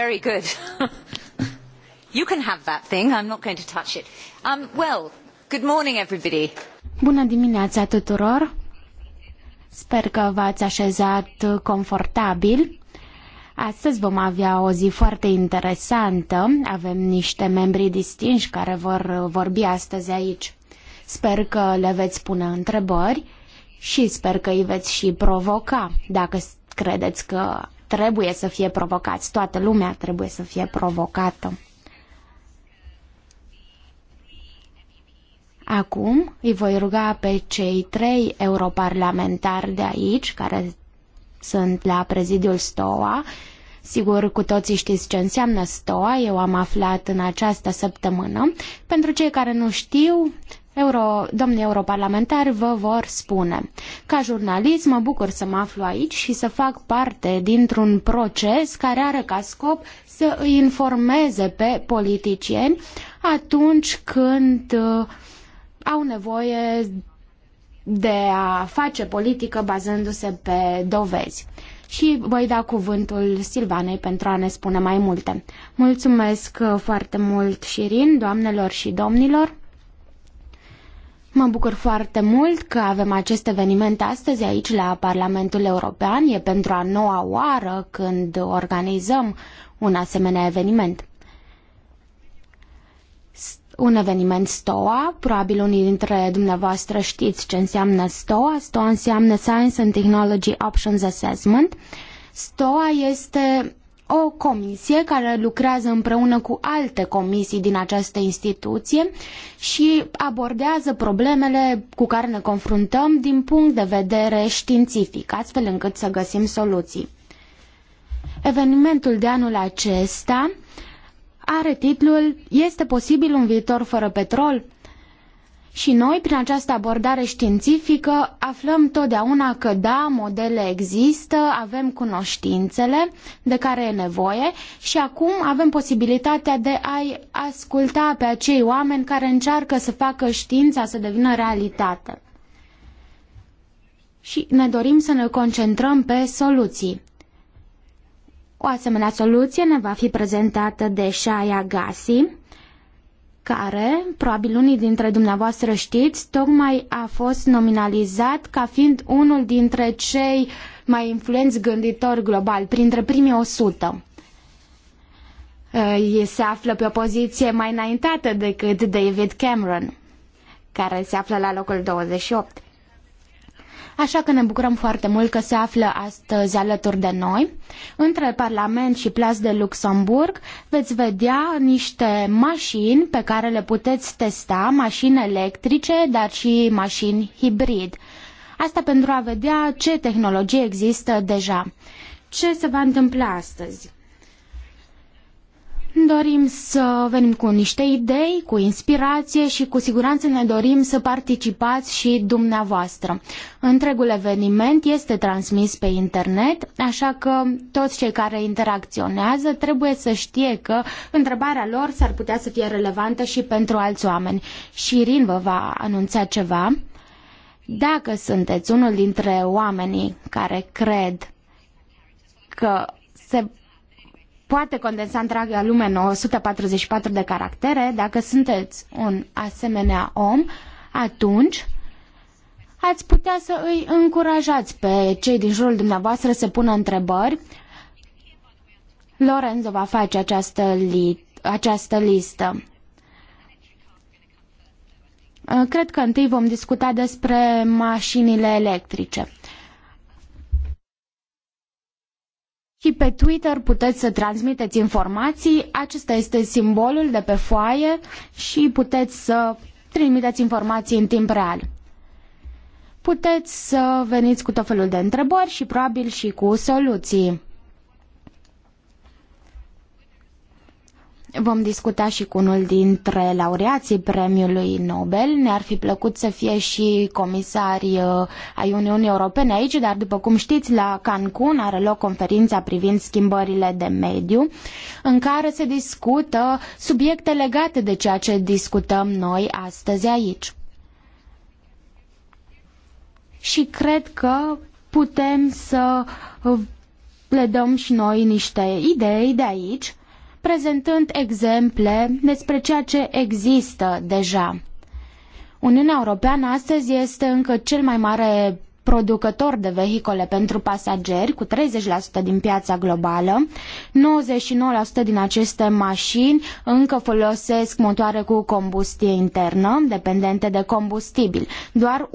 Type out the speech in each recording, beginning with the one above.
Very good. you can have that thing. I'm not going to touch it. Um, well, good morning everybody. Bună dimineața tuturor. Sper că v-ați așezat confortabil. Astăzi vom avea o zi foarte interesantă. Avem niște membri distinși care vor vorbi astăzi aici. Sper că le veți pune întrebări și sper că îi veți și provoca dacă credeți că trebuie să fie provocați, toată lumea trebuie să fie provocată. Acum îi voi ruga pe cei trei europarlamentari de aici, care sunt la prezidiul STOA, Sigur, cu toții știți ce înseamnă STOA, eu am aflat în această săptămână. Pentru cei care nu știu, euro, domnii europarlamentari vă vor spune. Ca jurnalist mă bucur să mă aflu aici și să fac parte dintr-un proces care are ca scop să îi informeze pe politicieni atunci când uh, au nevoie de a face politică bazându-se pe dovezi. Și voi da cuvântul Silvanei pentru a ne spune mai multe. Mulțumesc uh, foarte mult, Șirin, doamnelor și domnilor! Mă bucur foarte mult că avem acest eveniment astăzi aici la Parlamentul European. E pentru a noua oară când organizăm un asemenea eveniment. Un eveniment STOA, probabil unii dintre dumneavoastră știți ce înseamnă STOA. STOA înseamnă Science and Technology Options Assessment. STOA este o comisie care lucrează împreună cu alte comisii din această instituție și abordează problemele cu care ne confruntăm din punct de vedere științific, astfel încât să găsim soluții. Evenimentul de anul acesta are titlul Este posibil un viitor fără petrol? Și noi, prin această abordare științifică, aflăm totdeauna că da, modele există, avem cunoștințele de care e nevoie și acum avem posibilitatea de a-i asculta pe acei oameni care încearcă să facă știința să devină realitate. Și ne dorim să ne concentrăm pe soluții. O asemenea soluție ne va fi prezentată de Shaya Gassi, care, probabil unii dintre dumneavoastră știți, tocmai a fost nominalizat ca fiind unul dintre cei mai influenți gânditori global, printre primii 100. Se află pe o poziție mai înaintată decât David Cameron, care se află la locul 28 așa că ne bucurăm foarte mult că se află astăzi alături de noi. Între Parlament și Plas de Luxemburg veți vedea niște mașini pe care le puteți testa, mașini electrice, dar și mașini hibrid. Asta pentru a vedea ce tehnologie există deja. Ce se va întâmpla astăzi? Dorim să venim cu niște idei, cu inspirație și cu siguranță ne dorim să participați și dumneavoastră. Întregul eveniment este transmis pe internet, așa că toți cei care interacționează trebuie să știe că întrebarea lor s-ar putea să fie relevantă și pentru alți oameni. Shirin vă va anunța ceva. Dacă sunteți unul dintre oamenii care cred că se poate condensa întreaga lume în 144 de caractere, dacă sunteți un asemenea om, atunci ați putea să îi încurajați pe cei din jurul dumneavoastră să pună întrebări. Lorenzo va face această, li- această listă. Cred că întâi vom discuta despre mașinile electrice. și pe Twitter puteți să transmiteți informații. Acesta este simbolul de pe foaie și puteți să trimiteți informații în timp real. Puteți să veniți cu tot felul de întrebări și probabil și cu soluții. Vom discuta și cu unul dintre laureații premiului Nobel. Ne-ar fi plăcut să fie și comisari uh, ai Uniunii Europene aici, dar după cum știți, la Cancun are loc conferința privind schimbările de mediu, în care se discută subiecte legate de ceea ce discutăm noi astăzi aici. Și cred că putem să uh, le dăm și noi niște idei de aici prezentând exemple despre ceea ce există deja. Uniunea Europeană astăzi este încă cel mai mare producător de vehicole pentru pasageri, cu 30% din piața globală. 99% din aceste mașini încă folosesc motoare cu combustie internă, dependente de combustibil. Doar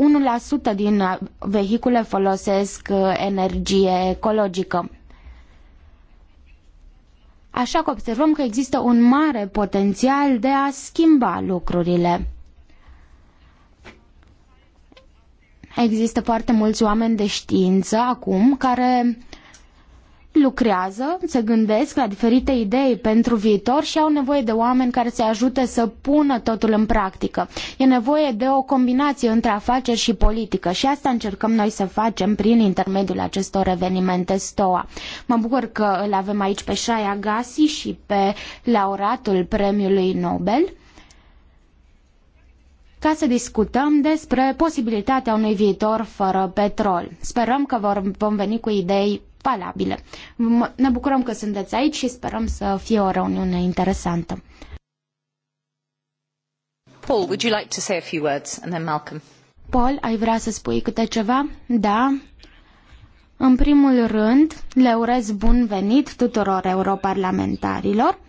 1% din vehicule folosesc uh, energie ecologică. Așa că observăm că există un mare potențial de a schimba lucrurile. Există foarte mulți oameni de știință acum care lucrează, se gândesc la diferite idei pentru viitor și au nevoie de oameni care să ajute să pună totul în practică. E nevoie de o combinație între afaceri și politică și asta încercăm noi să facem prin intermediul acestor evenimente STOA. Mă bucur că îl avem aici pe Shai Agassi și pe laureatul premiului Nobel ca să discutăm despre posibilitatea unui viitor fără petrol. Sperăm că vom veni cu idei palabile. Ne bucurăm că sunteți aici și sperăm să fie o reuniune interesantă. Paul, would you like to say a few words and then Malcolm? Paul, ai vrea să spui câte ceva? Da. În primul rând, le urez bun venit tuturor europarlamentarilor.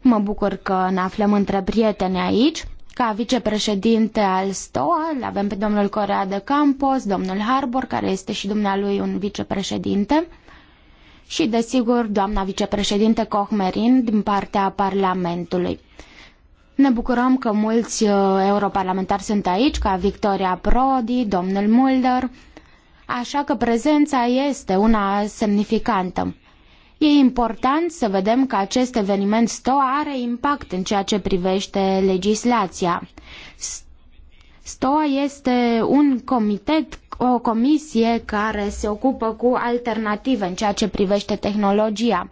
Mă bucur că ne aflăm între prieteni aici ca vicepreședinte al STOA, îl avem pe domnul Corea de Campos, domnul Harbor, care este și dumnealui un vicepreședinte, și, desigur, doamna vicepreședinte Cohmerin din partea Parlamentului. Ne bucurăm că mulți uh, europarlamentari sunt aici, ca Victoria Prodi, domnul Mulder, așa că prezența este una semnificantă. E important să vedem că acest eveniment STOA are impact în ceea ce privește legislația. STOA este un comitet, o comisie care se ocupă cu alternative în ceea ce privește tehnologia.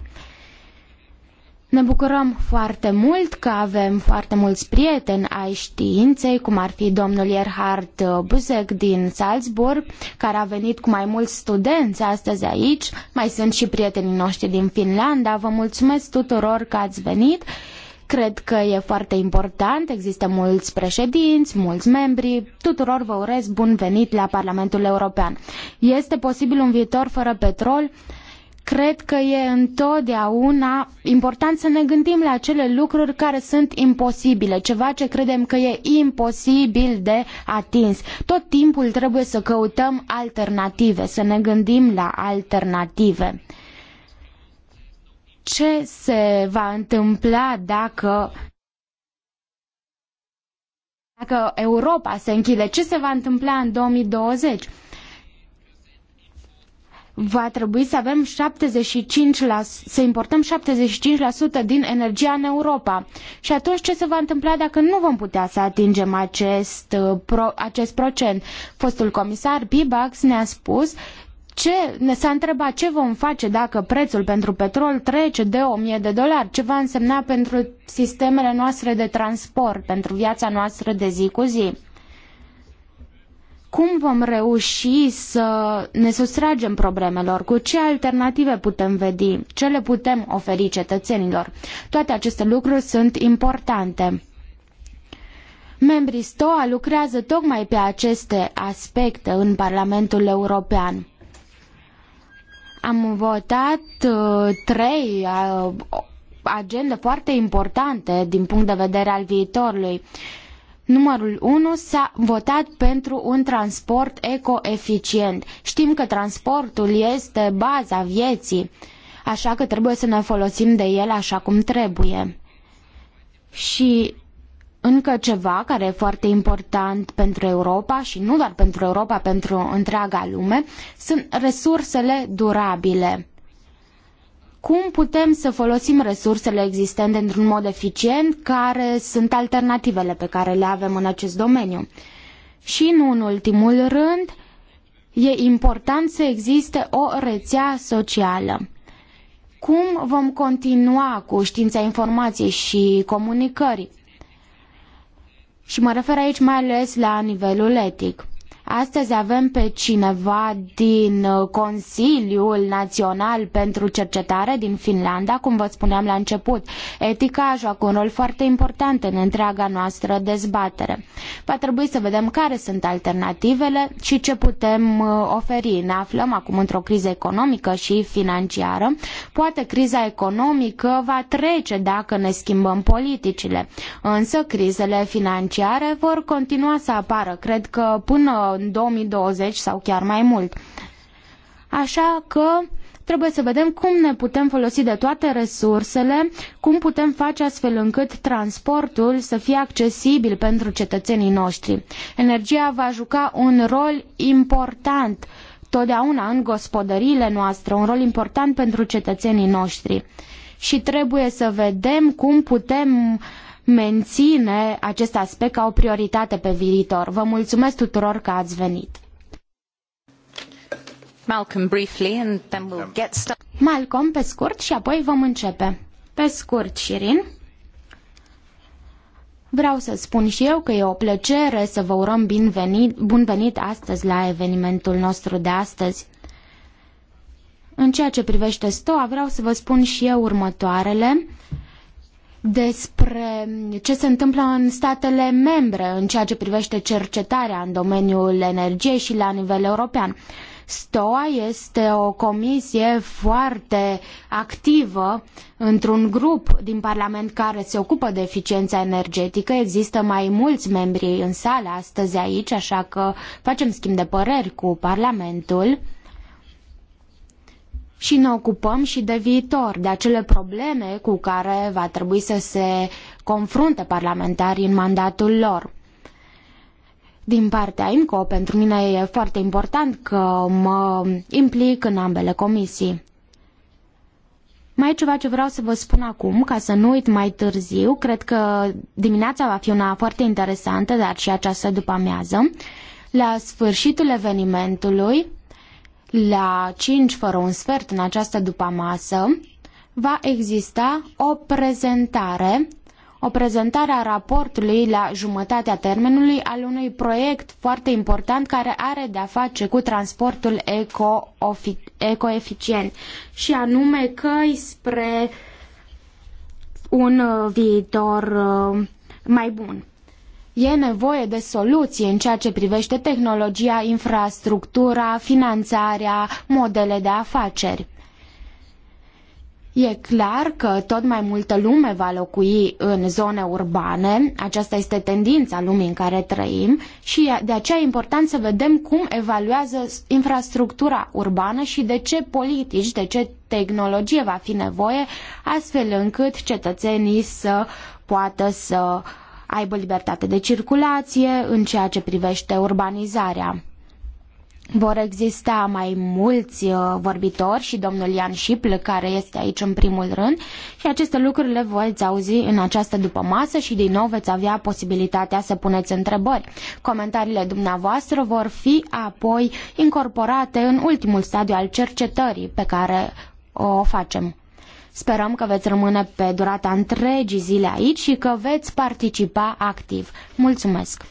Ne bucurăm foarte mult că avem foarte mulți prieteni ai științei, cum ar fi domnul Erhard Buzek din Salzburg, care a venit cu mai mulți studenți astăzi aici. Mai sunt și prietenii noștri din Finlanda. Vă mulțumesc tuturor că ați venit. Cred că e foarte important, există mulți președinți, mulți membri, tuturor vă urez bun venit la Parlamentul European. Este posibil un viitor fără petrol? Cred că e întotdeauna important să ne gândim la acele lucruri care sunt imposibile, ceva ce credem că e imposibil de atins. Tot timpul trebuie să căutăm alternative, să ne gândim la alternative ce se va întâmpla dacă dacă Europa se închide, ce se va întâmpla în 2020? va trebui să avem 75 la, să importăm 75% din energia în Europa. Și atunci ce se va întâmpla dacă nu vom putea să atingem acest, uh, acest procent? Fostul comisar Bibax ne-a spus ce, ne s-a întrebat ce vom face dacă prețul pentru petrol trece de 1000 de dolari, ce va însemna pentru sistemele noastre de transport, pentru viața noastră de zi cu zi cum vom reuși să ne sustragem problemelor, cu ce alternative putem vedi, ce le putem oferi cetățenilor. Toate aceste lucruri sunt importante. Membrii STOA lucrează tocmai pe aceste aspecte în Parlamentul European. Am votat uh, trei uh, agende foarte importante din punct de vedere al viitorului. Uh, Numărul 1 s-a votat pentru un transport ecoeficient. Știm că transportul este baza vieții, așa că trebuie să ne folosim de el așa cum trebuie. Și încă ceva care e foarte important pentru Europa și nu doar pentru Europa, pentru întreaga lume, sunt resursele durabile cum putem să folosim resursele existente într-un mod eficient, care sunt alternativele pe care le avem în acest domeniu. Și, nu în ultimul rând, e important să existe o rețea socială. Cum vom continua cu știința informației și comunicării? Și mă refer aici mai ales la nivelul etic. Astăzi avem pe cineva din uh, Consiliul Național pentru Cercetare din Finlanda, cum vă spuneam la început. Etica joacă un rol foarte important în întreaga noastră dezbatere. Va trebui să vedem care sunt alternativele și ce putem uh, oferi. Ne aflăm acum într-o criză economică și financiară. Poate criza economică va trece dacă ne schimbăm politicile, însă crizele financiare vor continua să apară. Cred că până în 2020 sau chiar mai mult. Așa că trebuie să vedem cum ne putem folosi de toate resursele, cum putem face astfel încât transportul să fie accesibil pentru cetățenii noștri. Energia va juca un rol important totdeauna în gospodăriile noastre, un rol important pentru cetățenii noștri. Și trebuie să vedem cum putem uh, menține acest aspect ca o prioritate pe viitor. Vă mulțumesc tuturor că ați venit. Malcolm, briefly, and then we'll get started. Malcolm, pe scurt și apoi vom începe. Pe scurt, Shirin. Vreau să spun și eu că e o plăcere să vă urăm binvenit, bun venit astăzi la evenimentul nostru de astăzi. În ceea ce privește STOA, vreau să vă spun și eu următoarele despre ce se întâmplă în statele membre în ceea ce privește cercetarea în domeniul energiei și la nivel european. STOA este o comisie foarte activă într-un grup din Parlament care se ocupă de eficiența energetică. Există mai mulți membri în sală astăzi aici, așa că facem schimb de păreri cu Parlamentul și ne ocupăm și de viitor, de acele probleme cu care va trebui să se confrunte parlamentarii în mandatul lor. Din partea IMCO, pentru mine e foarte important că mă implic în ambele comisii. Mai e ceva ce vreau să vă spun acum, ca să nu uit mai târziu. Cred că dimineața va fi una foarte interesantă, dar și această după amiază. La sfârșitul evenimentului, la 5 fără un sfert în această dupamasă va exista o prezentare o prezentare a raportului la jumătatea termenului al unui proiect foarte important care are de-a face cu transportul eco ecoeficient și anume căi spre un uh, viitor uh, mai bun. E nevoie de soluții în ceea ce privește tehnologia, infrastructura, finanțarea, modele de afaceri. E clar că tot mai multă lume va locui în zone urbane, aceasta este tendința lumii în care trăim și de aceea e important să vedem cum evaluează infrastructura urbană și de ce politici, de ce tehnologie va fi nevoie, astfel încât cetățenii să poată să uh, aibă libertate de circulație în ceea ce privește urbanizarea. Vor exista mai mulți uh, vorbitori și domnul Ian Șipl, care este aici în primul rând, și aceste lucruri le veți auzi în această dupămasă și din nou veți avea posibilitatea să puneți întrebări. Comentariile dumneavoastră vor fi apoi incorporate în ultimul stadiu al cercetării pe care o facem. Sperăm că veți rămâne pe durata întregii zile aici și că veți participa activ. Mulțumesc!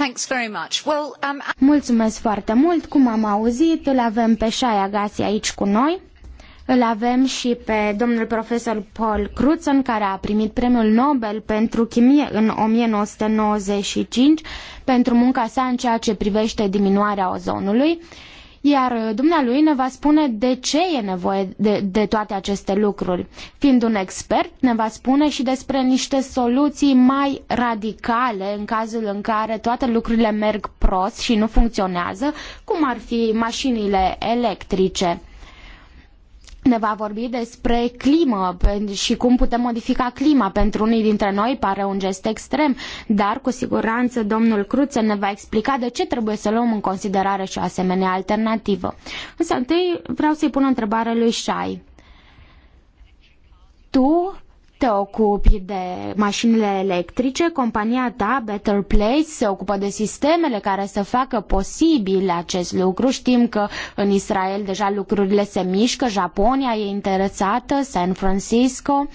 Um, Mulțumesc foarte mult. Cum am auzit, îl avem pe Shai Agassi aici cu noi. Îl avem și pe domnul profesor Paul Crutzen, care a primit premiul Nobel pentru chimie în 1995 pentru munca sa în ceea ce privește diminuarea ozonului iar uh, dumnealui ne va spune de ce e nevoie de, de toate aceste lucruri. Fiind un expert, ne va spune și despre niște soluții mai radicale în cazul în care toate lucrurile merg prost și nu funcționează, cum ar fi mașinile electrice ne va vorbi despre climă și cum putem modifica clima. Pentru unii dintre noi pare un gest extrem, dar cu siguranță domnul Cruță ne va explica de ce trebuie să luăm în considerare și o asemenea alternativă. Însă întâi vreau să-i pun o întrebare lui Shai. Tu te ocupi de mașinile electrice, compania ta, Better Place, se ocupă de sistemele care să facă posibil acest lucru. Știm că în Israel deja lucrurile se mișcă, Japonia e interesată, San Francisco.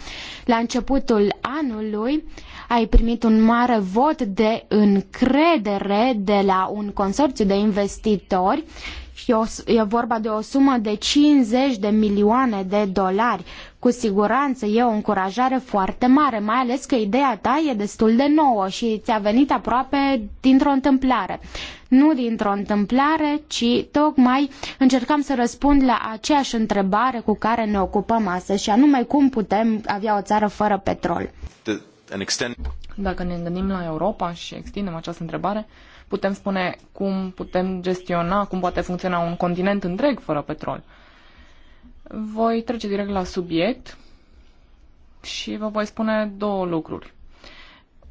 La începutul anului ai primit un mare vot de încredere de la un consorțiu de investitori e, o, vorba de o sumă de 50 de milioane de dolari cu siguranță e o încurajare foarte mare, mai ales că ideea ta e destul de nouă și ți-a venit aproape dintr-o întâmplare. Nu dintr-o întâmplare, ci tocmai încercam să răspund la aceeași întrebare cu care ne ocupăm astăzi, și anume cum putem avea o țară fără petrol. Dacă ne gândim la Europa și extindem această întrebare, putem spune cum putem gestiona, cum poate funcționa un continent întreg fără petrol. Voi trece direct la subiect și vă voi spune două lucruri.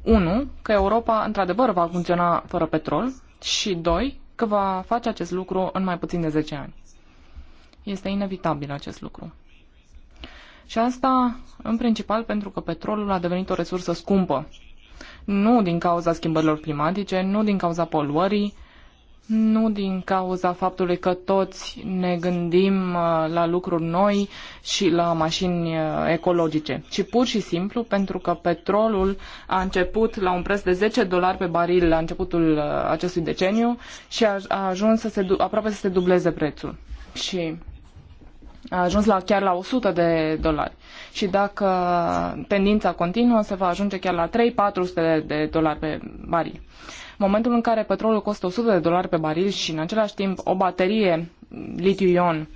Unu, Că Europa într-adevăr va funcționa fără petrol și doi, Că va face acest lucru în mai puțin de 10 ani. Este inevitabil acest lucru. Și asta în principal pentru că petrolul a devenit o resursă scumpă. Nu din cauza schimbărilor climatice, nu din cauza poluării, nu din cauza faptului că toți ne gândim uh, la lucruri noi și la mașini uh, ecologice, ci pur și simplu pentru că petrolul a început la un preț de 10 dolari pe baril la începutul uh, acestui deceniu și a, ajuns să se, aproape să se dubleze prețul. Și a ajuns la chiar la 100 de dolari. Și dacă tendința continuă, se va ajunge chiar la 3-400 de dolari pe baril momentul în care petrolul costă 100 de dolari pe baril și în același timp o baterie litiu-ion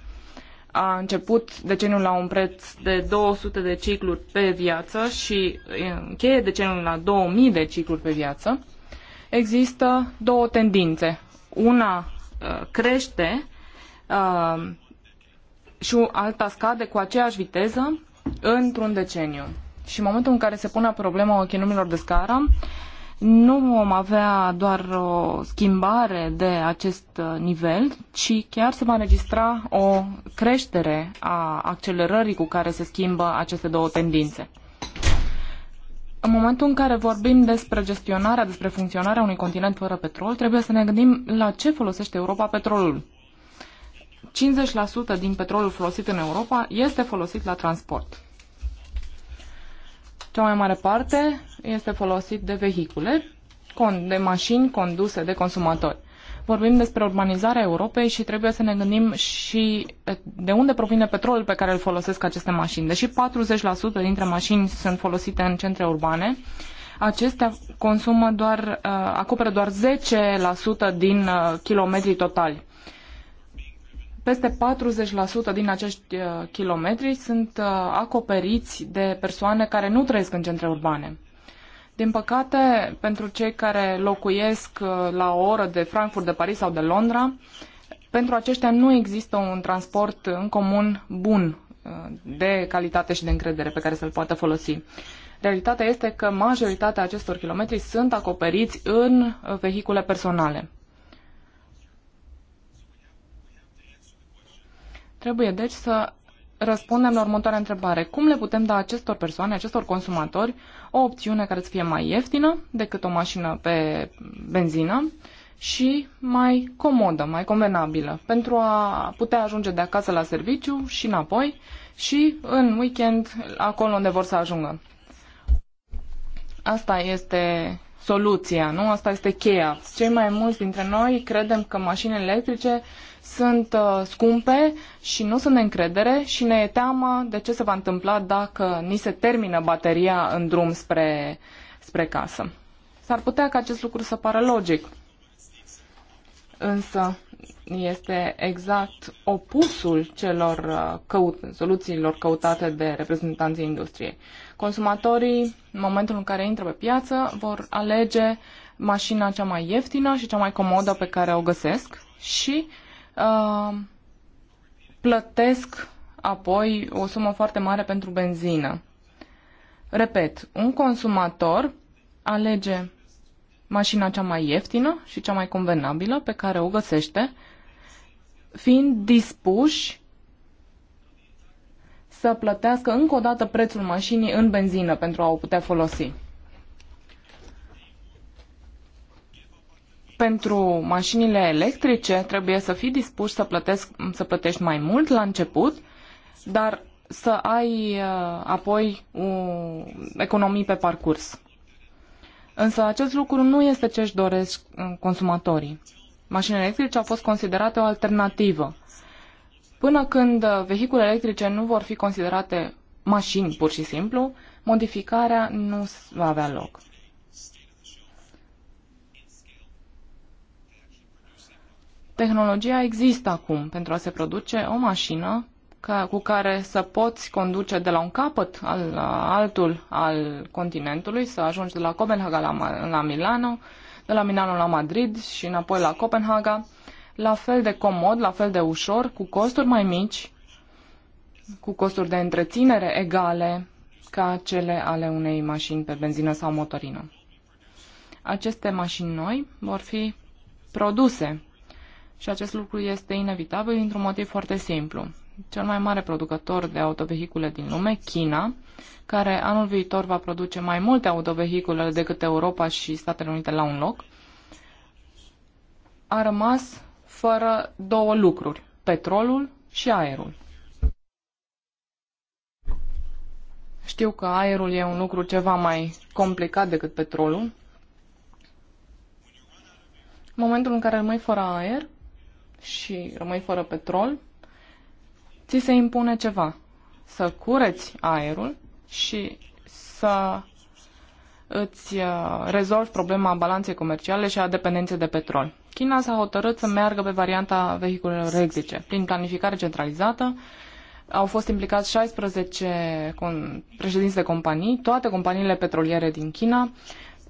a început deceniul la un preț de 200 de cicluri pe viață și încheie deceniul la 2000 de cicluri pe viață, există două tendințe. Una uh, crește uh, și alta scade cu aceeași viteză într-un deceniu. Și în momentul în care se pune problema ochinumilor de scară, nu vom avea doar o schimbare de acest nivel, ci chiar se va înregistra o creștere a accelerării cu care se schimbă aceste două tendințe. În momentul în care vorbim despre gestionarea, despre funcționarea unui continent fără petrol, trebuie să ne gândim la ce folosește Europa petrolul. 50% din petrolul folosit în Europa este folosit la transport cea mai mare parte este folosit de vehicule, de mașini conduse de consumatori. Vorbim despre urbanizarea Europei și trebuie să ne gândim și de unde provine petrolul pe care îl folosesc aceste mașini. Deși 40% dintre mașini sunt folosite în centre urbane, acestea consumă doar, acoperă doar 10% din kilometrii totali. Peste 40% din acești uh, kilometri sunt uh, acoperiți de persoane care nu trăiesc în centre urbane. Din păcate, pentru cei care locuiesc uh, la o oră de Frankfurt, de Paris sau de Londra, pentru aceștia nu există un transport în comun bun, de calitate și de încredere pe care să-l poată folosi. Realitatea este că majoritatea acestor kilometri sunt acoperiți în vehicule personale. Trebuie deci să răspundem la următoarea întrebare. Cum le putem da acestor persoane, acestor consumatori, o opțiune care să fie mai ieftină decât o mașină pe benzină și mai comodă, mai convenabilă, pentru a putea ajunge de acasă la serviciu și înapoi și în weekend acolo unde vor să ajungă. Asta este soluția, nu? Asta este cheia. Cei mai mulți dintre noi credem că mașinile electrice sunt uh, scumpe și nu sunt de încredere și ne e teamă de ce se va întâmpla dacă ni se termină bateria în drum spre, spre casă. S-ar putea ca acest lucru să pară logic. Însă, este exact opusul celor uh, căut, soluțiilor căutate de reprezentanții industriei. Consumatorii, în momentul în care intră pe piață, vor alege mașina cea mai ieftină și cea mai comodă pe care o găsesc și uh, plătesc apoi o sumă foarte mare pentru benzină. Repet, un consumator alege mașina cea mai ieftină și cea mai convenabilă pe care o găsește, fiind dispuși să plătească încă o dată prețul mașinii în benzină pentru a o putea folosi. Pentru mașinile electrice trebuie să fii dispuși să, plătesc, să plătești mai mult la început, dar să ai uh, apoi o economii pe parcurs. Însă acest lucru nu este ce își doresc uh, consumatorii. Mașinile electrice au fost considerate o alternativă. Până când uh, vehiculele electrice nu vor fi considerate mașini pur și simplu, modificarea nu va avea loc. Tehnologia există acum pentru a se produce o mașină cu care să poți conduce de la un capăt al altul al continentului, să ajungi de la Copenhaga la, la Milano, de la Milano la Madrid și înapoi la Copenhaga, la fel de comod, la fel de ușor, cu costuri mai mici, cu costuri de întreținere egale ca cele ale unei mașini pe benzină sau motorină. Aceste mașini noi vor fi produse și acest lucru este inevitabil dintr-un motiv foarte simplu cel mai mare producător de autovehicule din lume, China, care anul viitor va produce mai multe autovehicule decât Europa și Statele Unite la un loc, a rămas fără două lucruri, petrolul și aerul. Știu că aerul e un lucru ceva mai complicat decât petrolul. În momentul în care rămâi fără aer și rămâi fără petrol, ți se impune ceva. Să cureți aerul și să îți uh, rezolvi problema balanței comerciale și a dependenței de petrol. China s-a hotărât să meargă pe varianta vehiculelor electrice. Prin planificare centralizată au fost implicați 16 președinți de companii, toate companiile petroliere din China,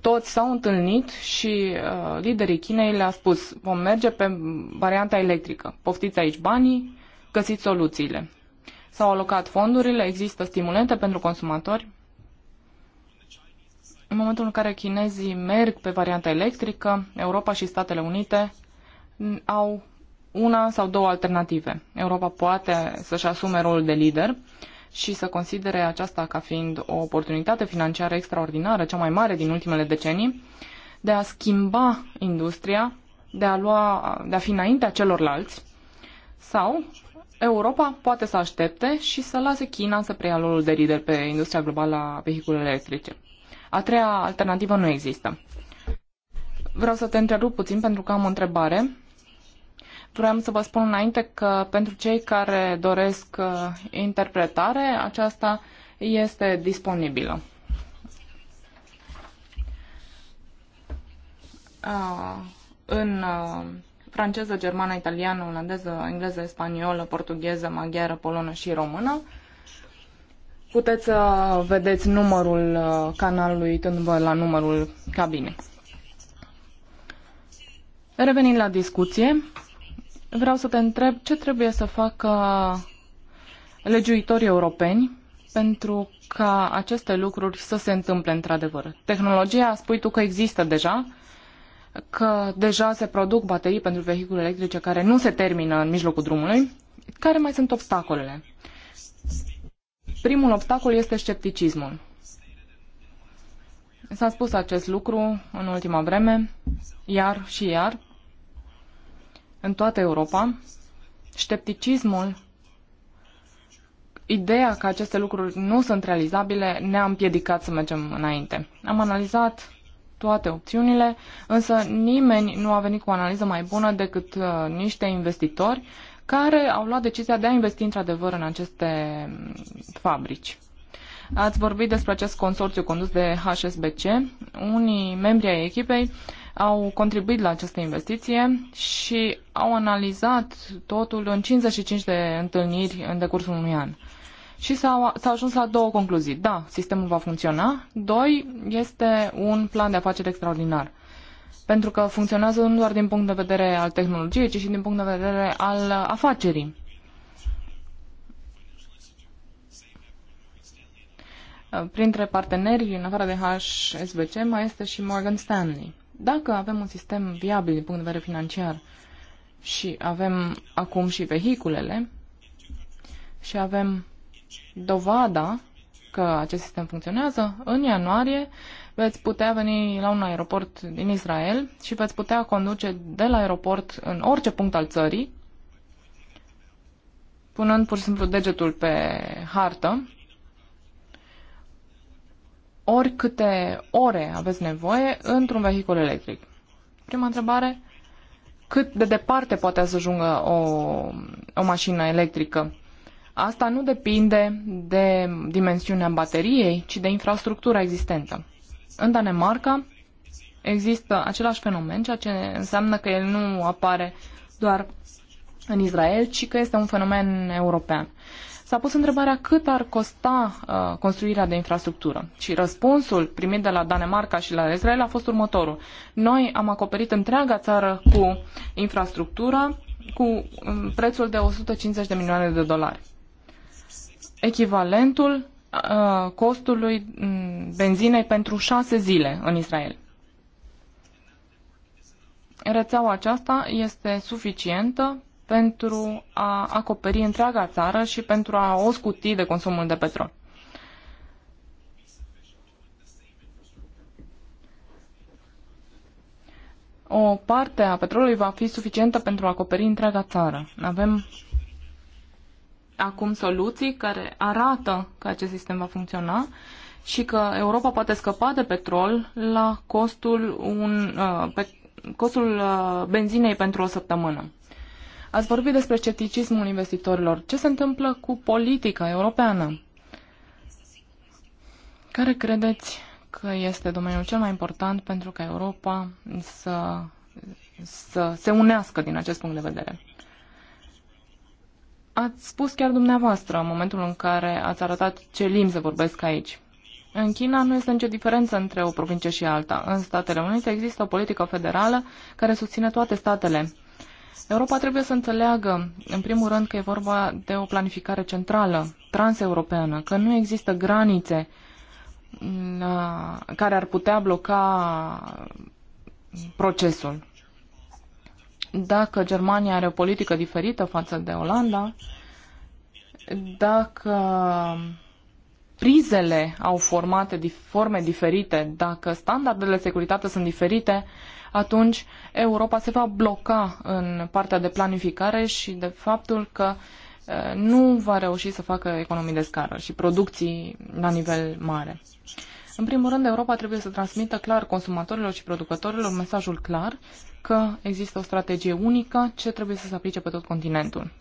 toți s-au întâlnit și uh, liderii Chinei le au spus vom merge pe varianta electrică. Poftiți aici banii, găsit soluțiile. S-au alocat fondurile, există stimulente pentru consumatori. În momentul în care chinezii merg pe varianta electrică, Europa și Statele Unite au una sau două alternative. Europa poate să-și asume rolul de lider și să considere aceasta ca fiind o oportunitate financiară extraordinară, cea mai mare din ultimele decenii, de a schimba industria, de a, lua, de a fi înaintea celorlalți, sau Europa poate să aștepte și să lase China să preia rolul de lider pe industria globală a vehiculelor electrice. A treia alternativă nu există. Vreau să te întrerup puțin pentru că am o întrebare. Vreau să vă spun înainte că pentru cei care doresc uh, interpretare, aceasta este disponibilă. Uh, în uh, franceză, germană, italiană, olandeză, engleză, spaniolă, portugheză, maghiară, polonă și română. Puteți să vedeți numărul uh, canalului uitându-vă la numărul cabinei. Revenind la discuție, vreau să te întreb ce trebuie să facă legiuitorii europeni pentru ca aceste lucruri să se întâmple într-adevăr. Tehnologia, spui tu că există deja, că deja se produc baterii pentru vehicule electrice care nu se termină în mijlocul drumului. Care mai sunt obstacolele? Primul obstacol este scepticismul. S-a spus acest lucru în ultima vreme, iar și iar, în toată Europa. Scepticismul, ideea că aceste lucruri nu sunt realizabile, ne-a împiedicat să mergem înainte. Am analizat toate opțiunile, însă nimeni nu a venit cu o analiză mai bună decât uh, niște investitori care au luat decizia de a investi într-adevăr în aceste mm, fabrici. Ați vorbit despre acest consorțiu condus de HSBC. Unii membri ai echipei au contribuit la această investiție și au analizat totul în 55 de întâlniri în decursul unui an și s-au, ajuns la două concluzii. Da, sistemul va funcționa. Doi, este un plan de afaceri extraordinar. Pentru că funcționează nu doar din punct de vedere al tehnologiei, ci și din punct de vedere al afacerii. Printre partenerii, în afară de HSBC, mai este și Morgan Stanley. Dacă avem un sistem viabil din punct de vedere financiar și avem acum și vehiculele și avem dovada că acest sistem funcționează, în ianuarie veți putea veni la un aeroport din Israel și veți putea conduce de la aeroport în orice punct al țării, punând pur și simplu degetul pe hartă, oricâte ore aveți nevoie într-un vehicul electric. Prima întrebare, cât de departe poate să ajungă o, o mașină electrică? Asta nu depinde de dimensiunea bateriei, ci de infrastructura existentă. În Danemarca există același fenomen, ceea ce înseamnă că el nu apare doar în Israel, ci că este un fenomen european. S-a pus întrebarea cât ar costa uh, construirea de infrastructură și răspunsul primit de la Danemarca și la Israel a fost următorul. Noi am acoperit întreaga țară cu infrastructura cu um, prețul de 150 de milioane de dolari echivalentul uh, costului mm, benzinei pentru șase zile în Israel. Rețeaua aceasta este suficientă pentru a acoperi întreaga țară și pentru a o scuti de consumul de petrol. O parte a petrolului va fi suficientă pentru a acoperi întreaga țară. Avem acum soluții care arată că acest sistem va funcționa și că Europa poate scăpa de petrol la costul, un, uh, pe, costul uh, benzinei pentru o săptămână. Ați vorbit despre scepticismul investitorilor. Ce se întâmplă cu politica europeană? Care credeți că este domeniul cel mai important pentru ca Europa să, să se unească din acest punct de vedere? Ați spus chiar dumneavoastră în momentul în care ați arătat ce limbi se vorbesc aici. În China nu este nicio diferență între o provincie și alta. În Statele Unite există o politică federală care susține toate statele. Europa trebuie să înțeleagă, în primul rând, că e vorba de o planificare centrală, transeuropeană, că nu există granițe mm, care ar putea bloca procesul dacă Germania are o politică diferită față de Olanda, dacă prizele au formate forme diferite, dacă standardele de securitate sunt diferite, atunci Europa se va bloca în partea de planificare și de faptul că nu va reuși să facă economii de scară și producții la nivel mare. În primul rând, Europa trebuie să transmită clar consumatorilor și producătorilor mesajul clar că există o strategie unică ce trebuie să se aplice pe tot continentul.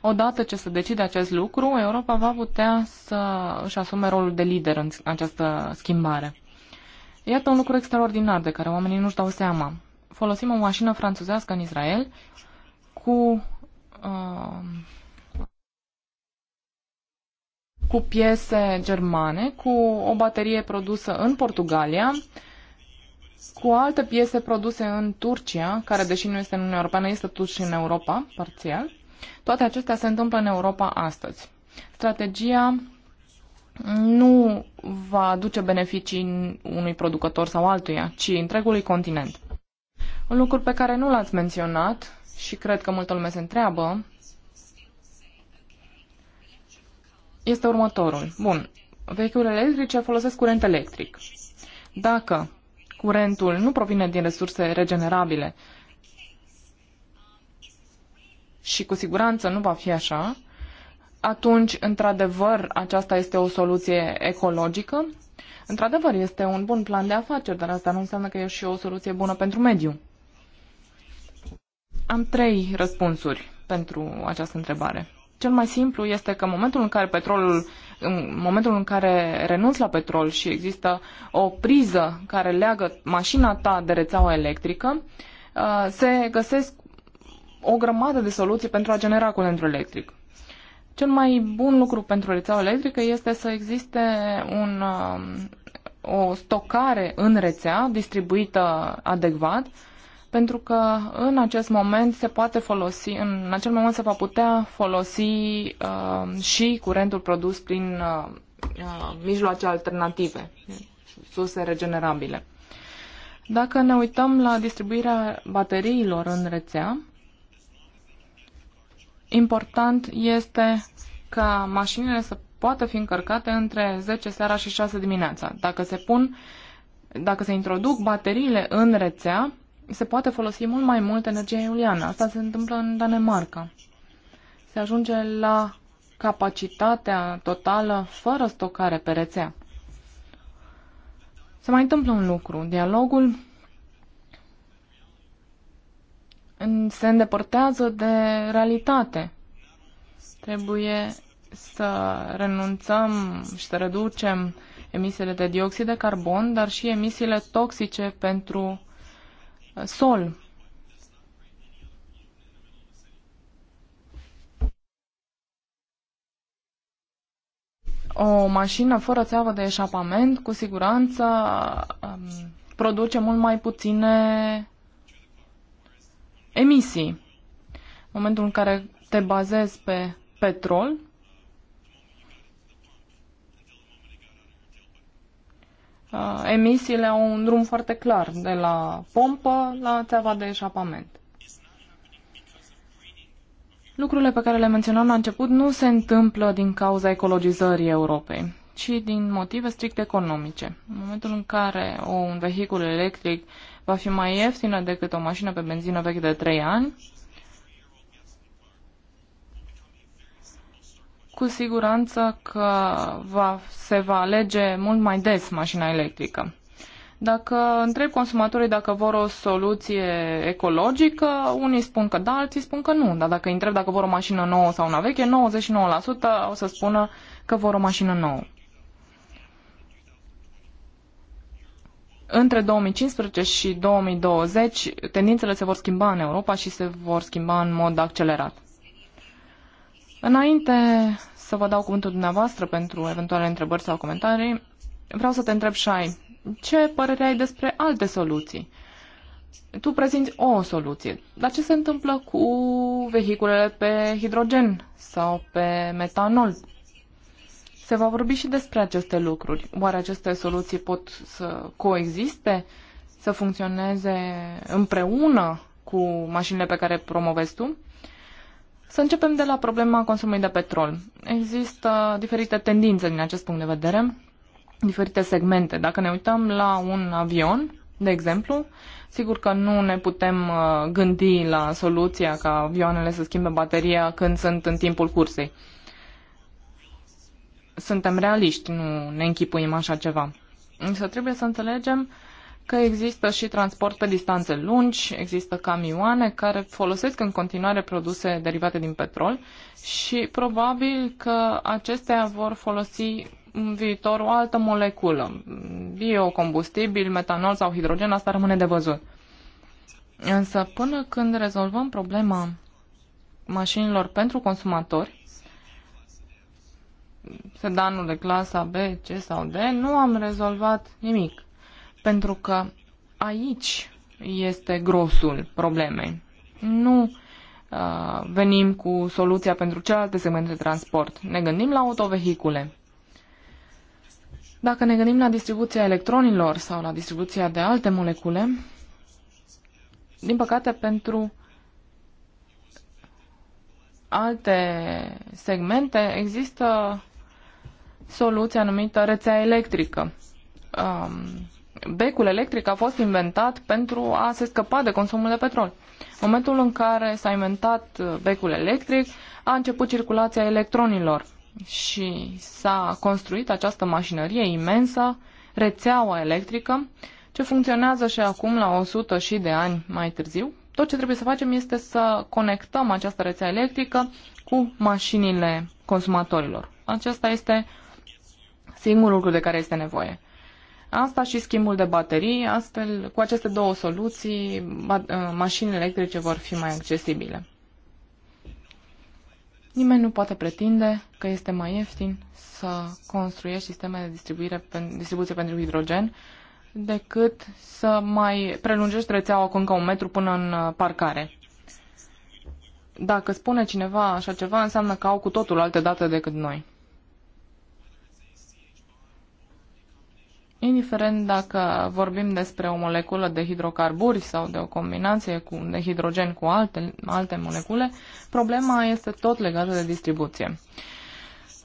Odată ce se decide acest lucru, Europa va putea să își asume rolul de lider în această schimbare. Iată un lucru extraordinar de care oamenii nu-și dau seama. Folosim o mașină franțuzească în Israel cu, uh, cu piese germane, cu o baterie produsă în Portugalia, uh, cu alte piese produse în Turcia, care deși nu este în Uniunea Europeană, este totuși în Europa, parțial. Toate acestea se întâmplă în Europa astăzi. Strategia nu va aduce beneficii unui producător sau altuia, ci întregului continent. Un lucru pe care nu l-ați menționat și cred că multă lume se întreabă este următorul. Bun, vehiculele electrice folosesc curent electric. Dacă curentul nu provine din resurse regenerabile. Și cu siguranță nu va fi așa. Atunci, într-adevăr, aceasta este o soluție ecologică. Într-adevăr, este un bun plan de afaceri, dar asta nu înseamnă că e și o soluție bună pentru mediu. Am trei răspunsuri pentru această întrebare. Cel mai simplu este că în momentul în care petrolul în momentul în care renunți la petrol și există o priză care leagă mașina ta de rețeaua electrică, uh, se găsesc o grămadă de soluții pentru a genera curent electric. Cel mai bun lucru pentru rețeaua electrică este să existe un, um, o stocare în rețea distribuită adecvat pentru că în acest moment se poate folosi, în acel moment se va putea folosi uh, și curentul produs prin uh, uh, mijloace alternative, surse regenerabile. Dacă ne uităm la distribuirea bateriilor în rețea, important este ca mașinile să poată fi încărcate între 10 seara și 6 dimineața. Dacă se pun, dacă se introduc bateriile în rețea, se poate folosi mult mai mult energia iuliană. Asta se întâmplă în Danemarca. Se ajunge la capacitatea totală fără stocare pe rețea. Se mai întâmplă un lucru. Dialogul se îndepărtează de realitate. Trebuie să renunțăm și să reducem emisiile de dioxid de carbon, dar și emisiile toxice pentru Uh, sol. O mașină fără țeavă de eșapament, cu siguranță, um, produce mult mai puține emisii. În momentul în care te bazezi pe petrol, Uh, emisiile au un drum foarte clar, de la pompă la țeava de eșapament. Lucrurile pe care le menționam la început nu se întâmplă din cauza ecologizării Europei, ci din motive strict economice. În momentul în care un vehicul electric va fi mai ieftină decât o mașină pe benzină veche de 3 ani, cu siguranță că va, se va alege mult mai des mașina electrică. Dacă întreb consumatorii dacă vor o soluție ecologică, unii spun că da, alții spun că nu. Dar dacă îi întreb dacă vor o mașină nouă sau una veche, 99% o să spună că vor o mașină nouă. Între 2015 și 2020, tendințele se vor schimba în Europa și se vor schimba în mod accelerat. Înainte să vă dau cuvântul dumneavoastră pentru eventuale întrebări sau comentarii, vreau să te întreb, Shai, ce părere ai despre alte soluții? Tu prezinți o soluție, dar ce se întâmplă cu vehiculele pe hidrogen sau pe metanol? Se va vorbi și despre aceste lucruri. Oare aceste soluții pot să coexiste, să funcționeze împreună cu mașinile pe care promovezi tu? Să începem de la problema consumului de petrol. Există diferite tendințe din acest punct de vedere, diferite segmente. Dacă ne uităm la un avion, de exemplu, sigur că nu ne putem uh, gândi la soluția ca avioanele să schimbe bateria când sunt în timpul cursei. Suntem realiști, nu ne închipuim așa ceva. Însă trebuie să înțelegem că există și transport pe distanțe lungi, există camioane care folosesc în continuare produse derivate din petrol și probabil că acestea vor folosi în viitor o altă moleculă, biocombustibil, metanol sau hidrogen, asta rămâne de văzut. Însă până când rezolvăm problema mașinilor pentru consumatori, sedanul de clasa B, C sau D, nu am rezolvat nimic. Pentru că aici este grosul problemei. Nu uh, venim cu soluția pentru celelalte segmente de transport. Ne gândim la autovehicule. Dacă ne gândim la distribuția electronilor sau la distribuția de alte molecule, din păcate pentru alte segmente există soluția numită rețea electrică. Um, becul electric a fost inventat pentru a se scăpa de consumul de petrol. În momentul în care s-a inventat uh, becul electric, a început circulația electronilor și s-a construit această mașinărie imensă, rețeaua electrică, ce funcționează și acum la 100 și de ani mai târziu. Tot ce trebuie să facem este să conectăm această rețea electrică cu mașinile consumatorilor. Acesta este singurul lucru de care este nevoie. Asta și schimbul de baterii, astfel cu aceste două soluții uh, mașinile electrice vor fi mai accesibile. Nimeni nu poate pretinde că este mai ieftin să construiești sisteme de distribuire, distribuție pentru hidrogen decât să mai prelungești rețeaua cu încă un metru până în uh, parcare. Dacă spune cineva așa ceva, înseamnă că au cu totul alte date decât noi. indiferent dacă vorbim despre o moleculă de hidrocarburi sau de o combinație cu, de hidrogen cu alte, alte molecule, problema este tot legată de distribuție.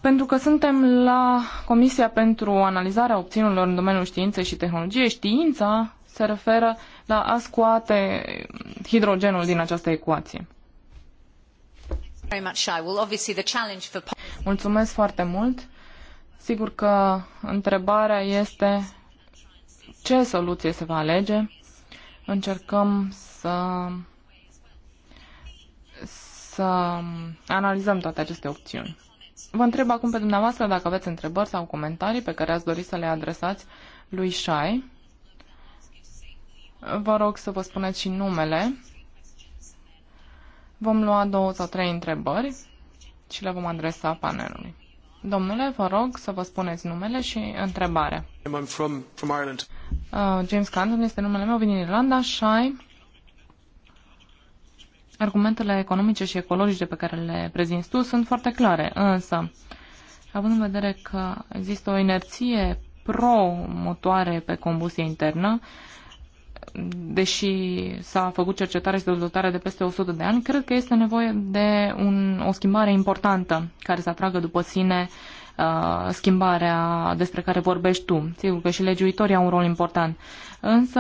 Pentru că suntem la Comisia pentru analizarea opțiunilor în domeniul științei și tehnologiei, știința se referă la a scoate hidrogenul din această ecuație. Mulțumesc foarte mult. Sigur că întrebarea este ce soluție se va alege. Încercăm să, să analizăm toate aceste opțiuni. Vă întreb acum pe dumneavoastră dacă aveți întrebări sau comentarii pe care ați dori să le adresați lui Shai. Vă rog să vă spuneți și numele. Vom lua două sau trei întrebări și le vom adresa panelului. Domnule, vă rog să vă spuneți numele și întrebare. I'm from, from Ireland. Uh, James Canton este numele meu, vin din Irlanda și ai argumentele economice și ecologice pe care le prezinți tu sunt foarte clare, însă, având în vedere că există o inerție pro-motoare pe combustie internă, deși s-a făcut cercetare și dezvoltare de peste 100 de ani, cred că este nevoie de un, o schimbare importantă care să atragă după sine uh, schimbarea despre care vorbești tu. Sigur că și legiuitorii au un rol important. Însă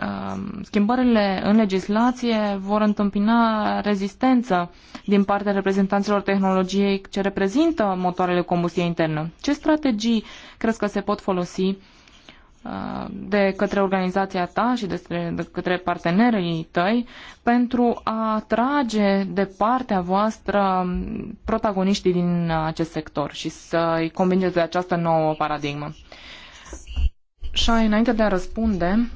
uh, schimbările în legislație vor întâmpina rezistență din partea reprezentanților tehnologiei ce reprezintă motoarele combustie internă. Ce strategii crezi că se pot folosi uh, Uh, de către organizația ta și de, către partenerii tăi pentru a trage de partea voastră protagoniștii din acest sector și să-i convingeți de această nouă paradigmă. Și înainte de a răspunde,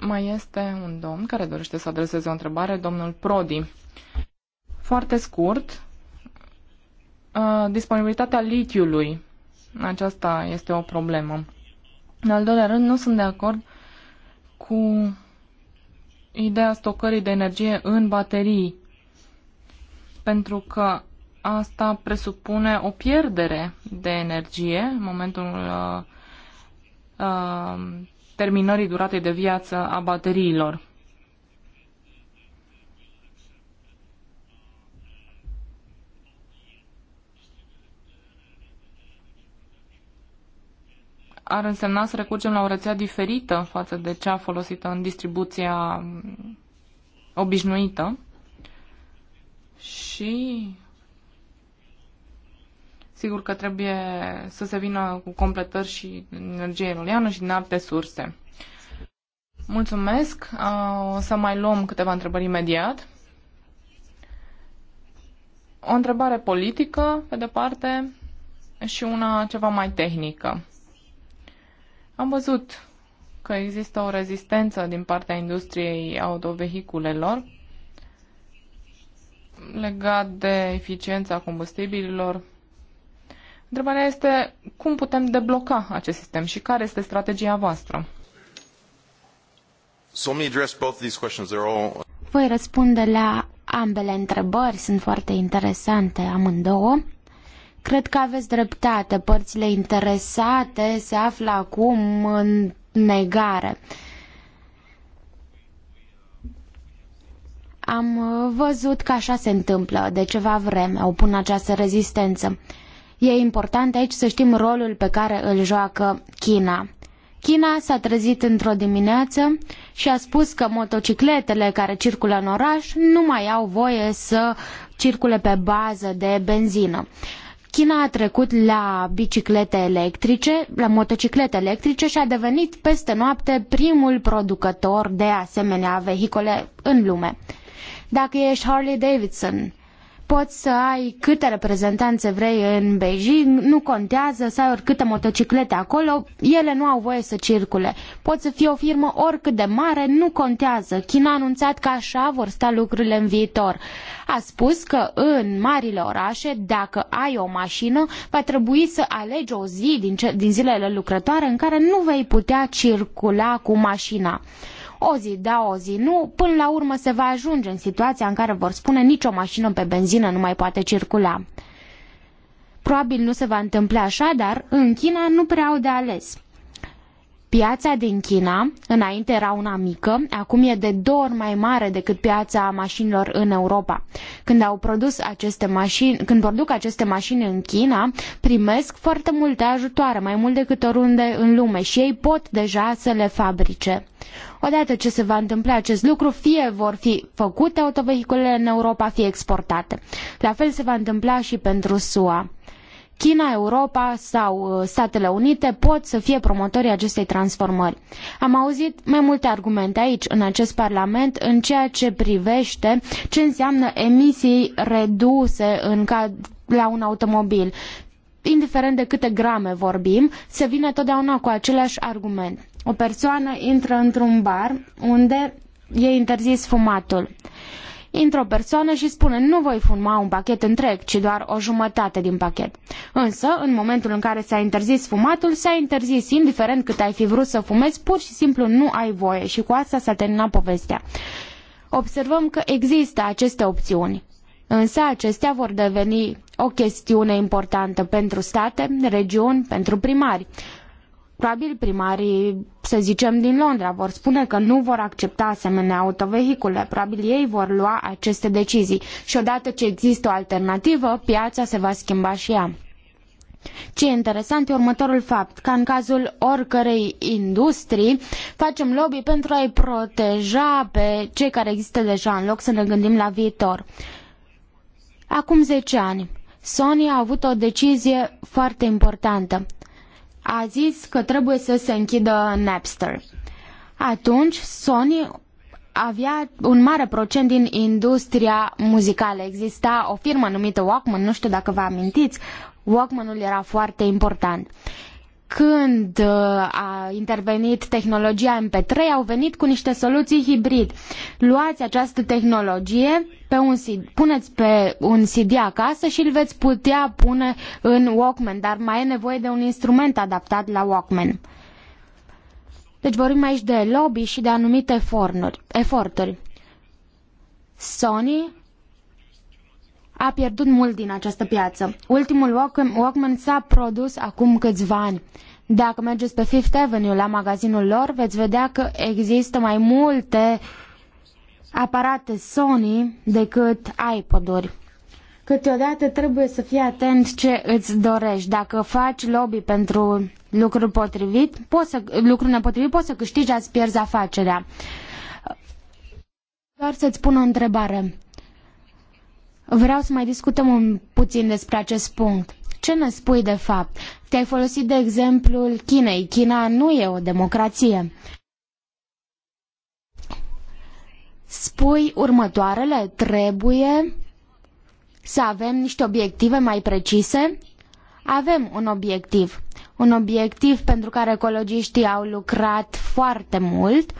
mai este un domn care dorește să adreseze o întrebare, domnul Prodi. Foarte scurt, uh, disponibilitatea litiului. Aceasta este o problemă. În al doilea rând, nu sunt de acord cu ideea stocării de energie în baterii, pentru că asta presupune o pierdere de energie în momentul uh, uh, terminării duratei de viață a bateriilor. ar însemna să recurgem la o rețea diferită față de cea folosită în distribuția mm, obișnuită și sigur că trebuie să se vină cu completări și energie eoliană și din alte surse. Mulțumesc. O să mai luăm câteva întrebări imediat. O întrebare politică, pe de parte, și una ceva mai tehnică. Am văzut că există o rezistență din partea industriei autovehiculelor legat de eficiența combustibililor. Întrebarea este cum putem debloca acest sistem și care este strategia voastră? Voi răspunde la ambele întrebări, sunt foarte interesante amândouă. Cred că aveți dreptate. Părțile interesate se află acum în negare. Am văzut că așa se întâmplă de ceva vreme, au pun această rezistență. E important aici să știm rolul pe care îl joacă China. China s-a trezit într-o dimineață și a spus că motocicletele care circulă în oraș nu mai au voie să circule pe bază de benzină. China a trecut la biciclete electrice, la motociclete electrice și a devenit peste noapte primul producător de asemenea vehicole în lume. Dacă ești Harley Davidson, Poți să ai câte reprezentanțe vrei în Beijing, nu contează să ai oricâte motociclete acolo, ele nu au voie să circule. Poți să fie o firmă oricât de mare, nu contează. China a anunțat că așa vor sta lucrurile în viitor. A spus că în marile orașe, dacă ai o mașină, va trebui să alegi o zi din, ce, din zilele lucrătoare în care nu vei putea circula cu mașina o zi da, o zi nu, până la urmă se va ajunge în situația în care vor spune nicio mașină pe benzină nu mai poate circula. Probabil nu se va întâmpla așa, dar în China nu prea au de ales. Piața din China, înainte era una mică, acum e de două ori mai mare decât piața mașinilor în Europa. Când au produs aceste mașini, când produc aceste mașini în China, primesc foarte multe ajutoare, mai mult decât oriunde în lume și ei pot deja să le fabrice. Odată ce se va întâmpla acest lucru, fie vor fi făcute autovehiculele în Europa, fie exportate. La fel se va întâmpla și pentru SUA. China, Europa sau uh, Statele Unite pot să fie promotorii acestei transformări. Am auzit mai multe argumente aici, în acest Parlament, în ceea ce privește ce înseamnă emisii reduse în la un automobil. Indiferent de câte grame vorbim, se vine totdeauna cu același argument. O persoană intră într-un bar unde e interzis fumatul. Intră o persoană și spune nu voi fuma un pachet întreg, ci doar o jumătate din pachet. Însă, în momentul în care s-a interzis fumatul, s-a interzis, indiferent cât ai fi vrut să fumezi, pur și simplu nu ai voie și cu asta s-a terminat povestea. Observăm că există aceste opțiuni. Însă acestea vor deveni o chestiune importantă pentru state, regiuni, pentru primari. Probabil primarii, să zicem, din Londra vor spune că nu vor accepta asemenea autovehicule. Probabil ei vor lua aceste decizii și odată ce există o alternativă, piața se va schimba și ea. Ce e interesant e următorul fapt, că în cazul oricărei industrii facem lobby pentru a-i proteja pe cei care există deja în loc să ne gândim la viitor. Acum zece ani, Sony a avut o decizie foarte importantă a zis că trebuie să se închidă Napster. Atunci Sony avea un mare procent din industria muzicală. Exista o firmă numită Walkman, nu știu dacă vă amintiți, Walkmanul era foarte important când uh, a intervenit tehnologia MP3, au venit cu niște soluții hibrid. Luați această tehnologie, pe un CD, puneți pe un CD acasă și îl veți putea pune în Walkman, dar mai e nevoie de un instrument adaptat la Walkman. Deci vorbim aici de lobby și de anumite eforturi. Sony a pierdut mult din această piață. Ultimul Walkman s-a produs acum câțiva ani. Dacă mergeți pe Fifth Avenue la magazinul lor, veți vedea că există mai multe aparate Sony decât iPod-uri. Câteodată trebuie să fii atent ce îți dorești. Dacă faci lobby pentru lucruri potrivit, poți să, lucruri nepotrivit, poți să câștigi, ați pierzi afacerea. Doar să-ți pun o întrebare. Vreau să mai discutăm un puțin despre acest punct. Ce ne spui de fapt? Te-ai folosit de exemplul Chinei. China nu e o democrație. Spui următoarele, trebuie să avem niște obiective mai precise. Avem un obiectiv, un obiectiv pentru care ecologiștii au lucrat foarte mult,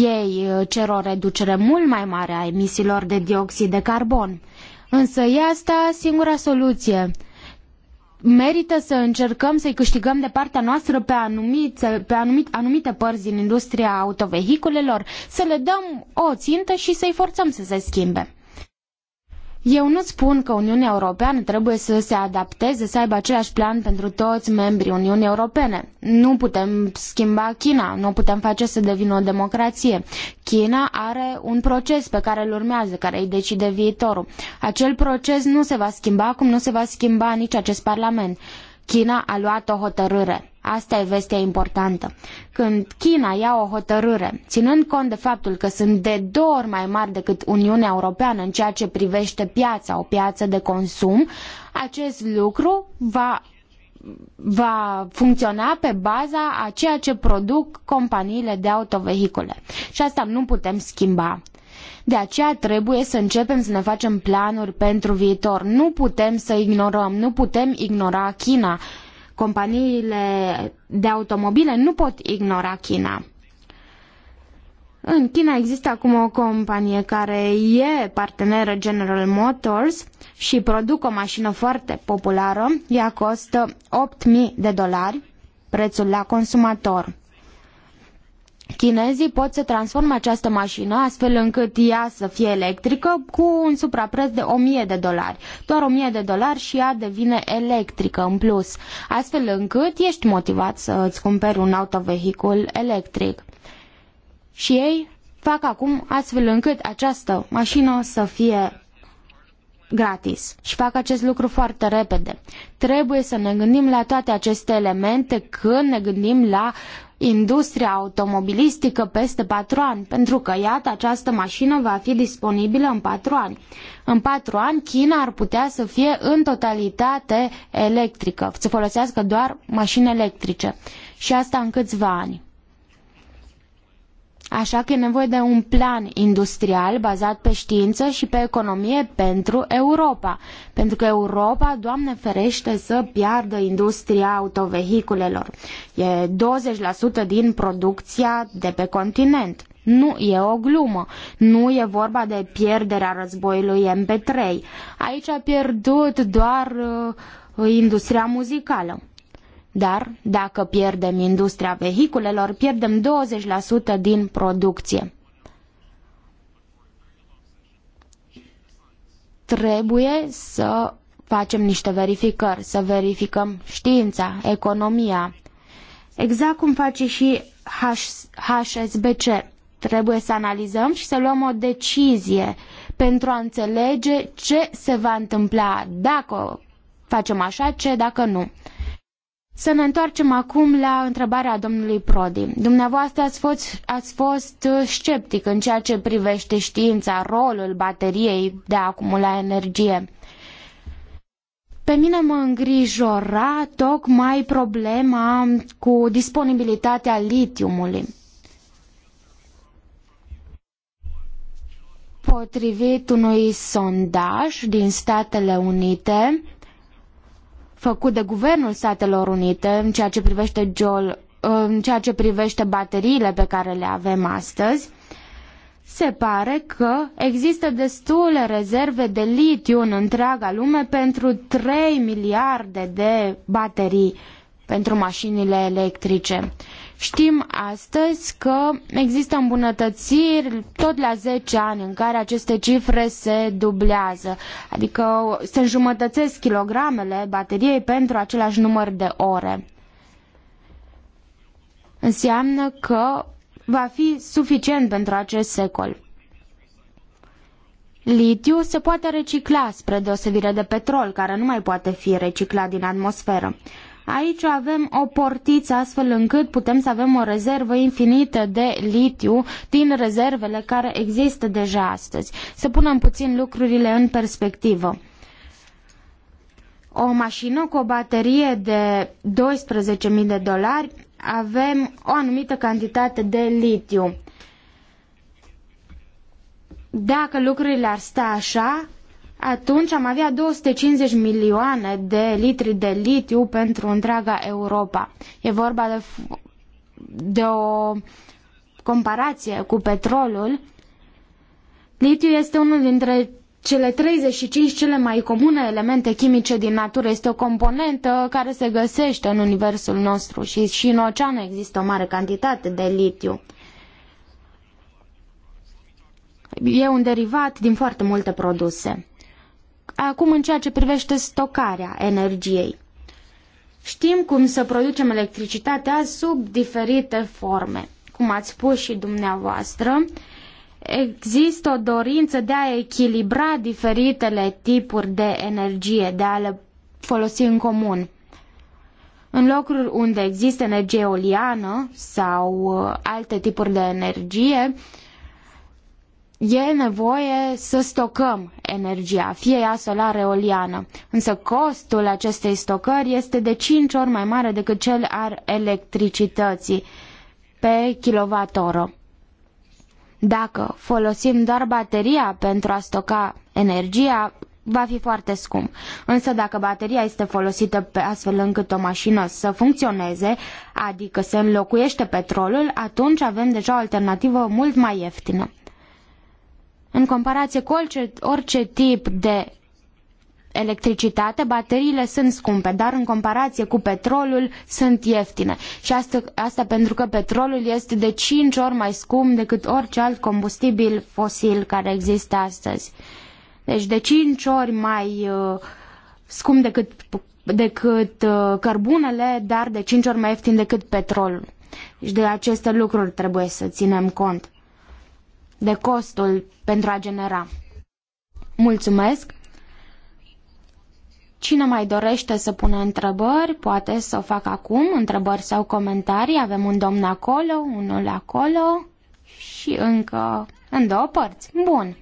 ei uh, cer o reducere mult mai mare a emisiilor de dioxid de carbon. Însă e asta singura soluție merită să încercăm să-i câștigăm de partea noastră pe, anumite, pe anumite, anumite părți din industria autovehiculelor, să le dăm o țintă și să-i forțăm să se schimbe. Eu nu spun că Uniunea Europeană trebuie să se adapteze, să aibă același plan pentru toți membrii Uniunii Europene. Nu putem schimba China, nu putem face să devină o democrație. China are un proces pe care îl urmează, care îi decide viitorul. Acel proces nu se va schimba, cum nu se va schimba nici acest Parlament. China a luat o hotărâre. Asta e vestea importantă. Când China ia o hotărâre, ținând cont de faptul că sunt de două ori mai mari decât Uniunea Europeană în ceea ce privește piața, o piață de consum, acest lucru va va funcționa pe baza a ceea ce produc companiile de autovehicule. Și asta nu putem schimba. De aceea trebuie să începem să ne facem planuri pentru viitor. Nu putem să ignorăm, nu putem ignora China Companiile de automobile nu pot ignora China. În China există acum o companie care e parteneră General Motors și produc o mașină foarte populară. Ea costă 8.000 de dolari, prețul la consumator. Chinezii pot să transforme această mașină astfel încât ea să fie electrică cu un suprapreț de 1000 de dolari. Doar 1000 de dolari și ea devine electrică în plus, astfel încât ești motivat să îți cumperi un autovehicul electric. Și ei fac acum astfel încât această mașină să fie gratis și fac acest lucru foarte repede. Trebuie să ne gândim la toate aceste elemente când ne gândim la industria automobilistică peste patru ani, pentru că, iată, această mașină va fi disponibilă în patru ani. În patru ani, China ar putea să fie în totalitate electrică, să folosească doar mașini electrice. Și asta în câțiva ani. Așa că e nevoie de un plan industrial bazat pe știință și pe economie pentru Europa. Pentru că Europa, Doamne ferește, să piardă industria autovehiculelor. E 20% din producția de pe continent. Nu e o glumă, nu e vorba de pierderea războiului MP3. Aici a pierdut doar uh, industria muzicală. Dar dacă pierdem industria vehiculelor, pierdem 20% din producție. Trebuie să facem niște verificări, să verificăm știința, economia. Exact cum face și HSBC. Trebuie să analizăm și să luăm o decizie pentru a înțelege ce se va întâmpla dacă facem așa, ce dacă nu. Să ne întoarcem acum la întrebarea domnului Prodi. Dumneavoastră ați fost, ați fost uh, sceptic în ceea ce privește știința, rolul bateriei de a acumula energie. Pe mine mă îngrijora tocmai problema cu disponibilitatea litiumului. Potrivit unui sondaj din Statele Unite, făcut de Guvernul Statelor Unite în ceea ce privește, Joel, în ceea ce privește bateriile pe care le avem astăzi, se pare că există destule rezerve de litiu în întreaga lume pentru 3 miliarde de baterii pentru mașinile electrice. Știm astăzi că există îmbunătățiri tot la 10 ani în care aceste cifre se dublează, adică se înjumătățesc kilogramele bateriei pentru același număr de ore. Înseamnă că va fi suficient pentru acest secol. Litiu se poate recicla spre deosebire de petrol, care nu mai poate fi reciclat din atmosferă. Aici avem o portiță astfel încât putem să avem o rezervă infinită de litiu din rezervele care există deja astăzi. Să punem puțin lucrurile în perspectivă. O mașină cu o baterie de 12.000 de dolari avem o anumită cantitate de litiu. Dacă lucrurile ar sta așa, atunci am avea 250 milioane de litri de litiu pentru întreaga Europa. E vorba de, de o comparație cu petrolul. Litiu este unul dintre cele 35 cele mai comune elemente chimice din natură. Este o componentă care se găsește în universul nostru și, și în ocean există o mare cantitate de litiu. E un derivat din foarte multe produse. Acum în ceea ce privește stocarea energiei. Știm cum să producem electricitatea sub diferite forme. Cum ați spus și dumneavoastră, există o dorință de a echilibra diferitele tipuri de energie, de a le folosi în comun. În locuri unde există energie eoliană sau uh, alte tipuri de energie, uh, e nevoie să stocăm energia, fie ea solară eoliană, însă costul acestei stocări este de cinci ori mai mare decât cel al electricității pe kilovatoră. Dacă folosim doar bateria pentru a stoca energia, va fi foarte scump. Însă dacă bateria este folosită pe astfel încât o mașină să funcționeze, adică se înlocuiește petrolul, atunci avem deja o alternativă mult mai ieftină. În comparație cu orice, orice tip de electricitate, bateriile sunt scumpe, dar în comparație cu petrolul sunt ieftine. Și asta, asta pentru că petrolul este de cinci ori mai scump decât orice alt combustibil fosil care există astăzi. Deci de cinci ori mai uh, scump decât, decât uh, cărbunele, dar de cinci ori mai ieftin decât petrolul. Deci de aceste lucruri trebuie să ținem cont de costul pentru a genera. Mulțumesc! Cine mai dorește să pună întrebări, poate să o facă acum, întrebări sau comentarii. Avem un domn acolo, unul acolo și încă în două părți. Bun.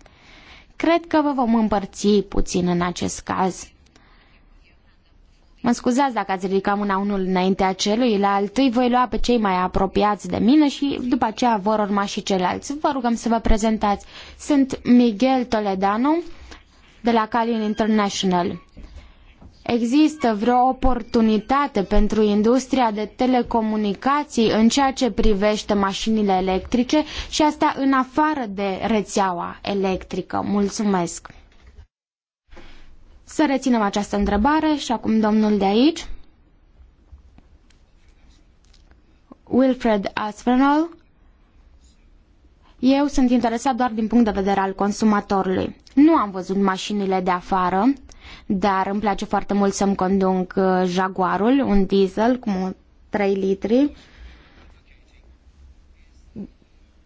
Cred că vă vom împărți puțin în acest caz. Mă scuzați dacă ați ridicat mâna unul înaintea la îi voi lua pe cei mai apropiați de mine și după aceea vor urma și ceilalți. Vă rugăm să vă prezentați. Sunt Miguel Toledano de la Calin International. Există vreo oportunitate pentru industria de telecomunicații în ceea ce privește mașinile electrice și asta în afară de rețeaua electrică. Mulțumesc! Să reținem această întrebare și acum domnul de aici. Wilfred Aspinall. Eu sunt interesat doar din punct de vedere al consumatorului. Nu am văzut mașinile de afară, dar îmi place foarte mult să-mi conduc uh, Jaguarul, un diesel cu 3 litri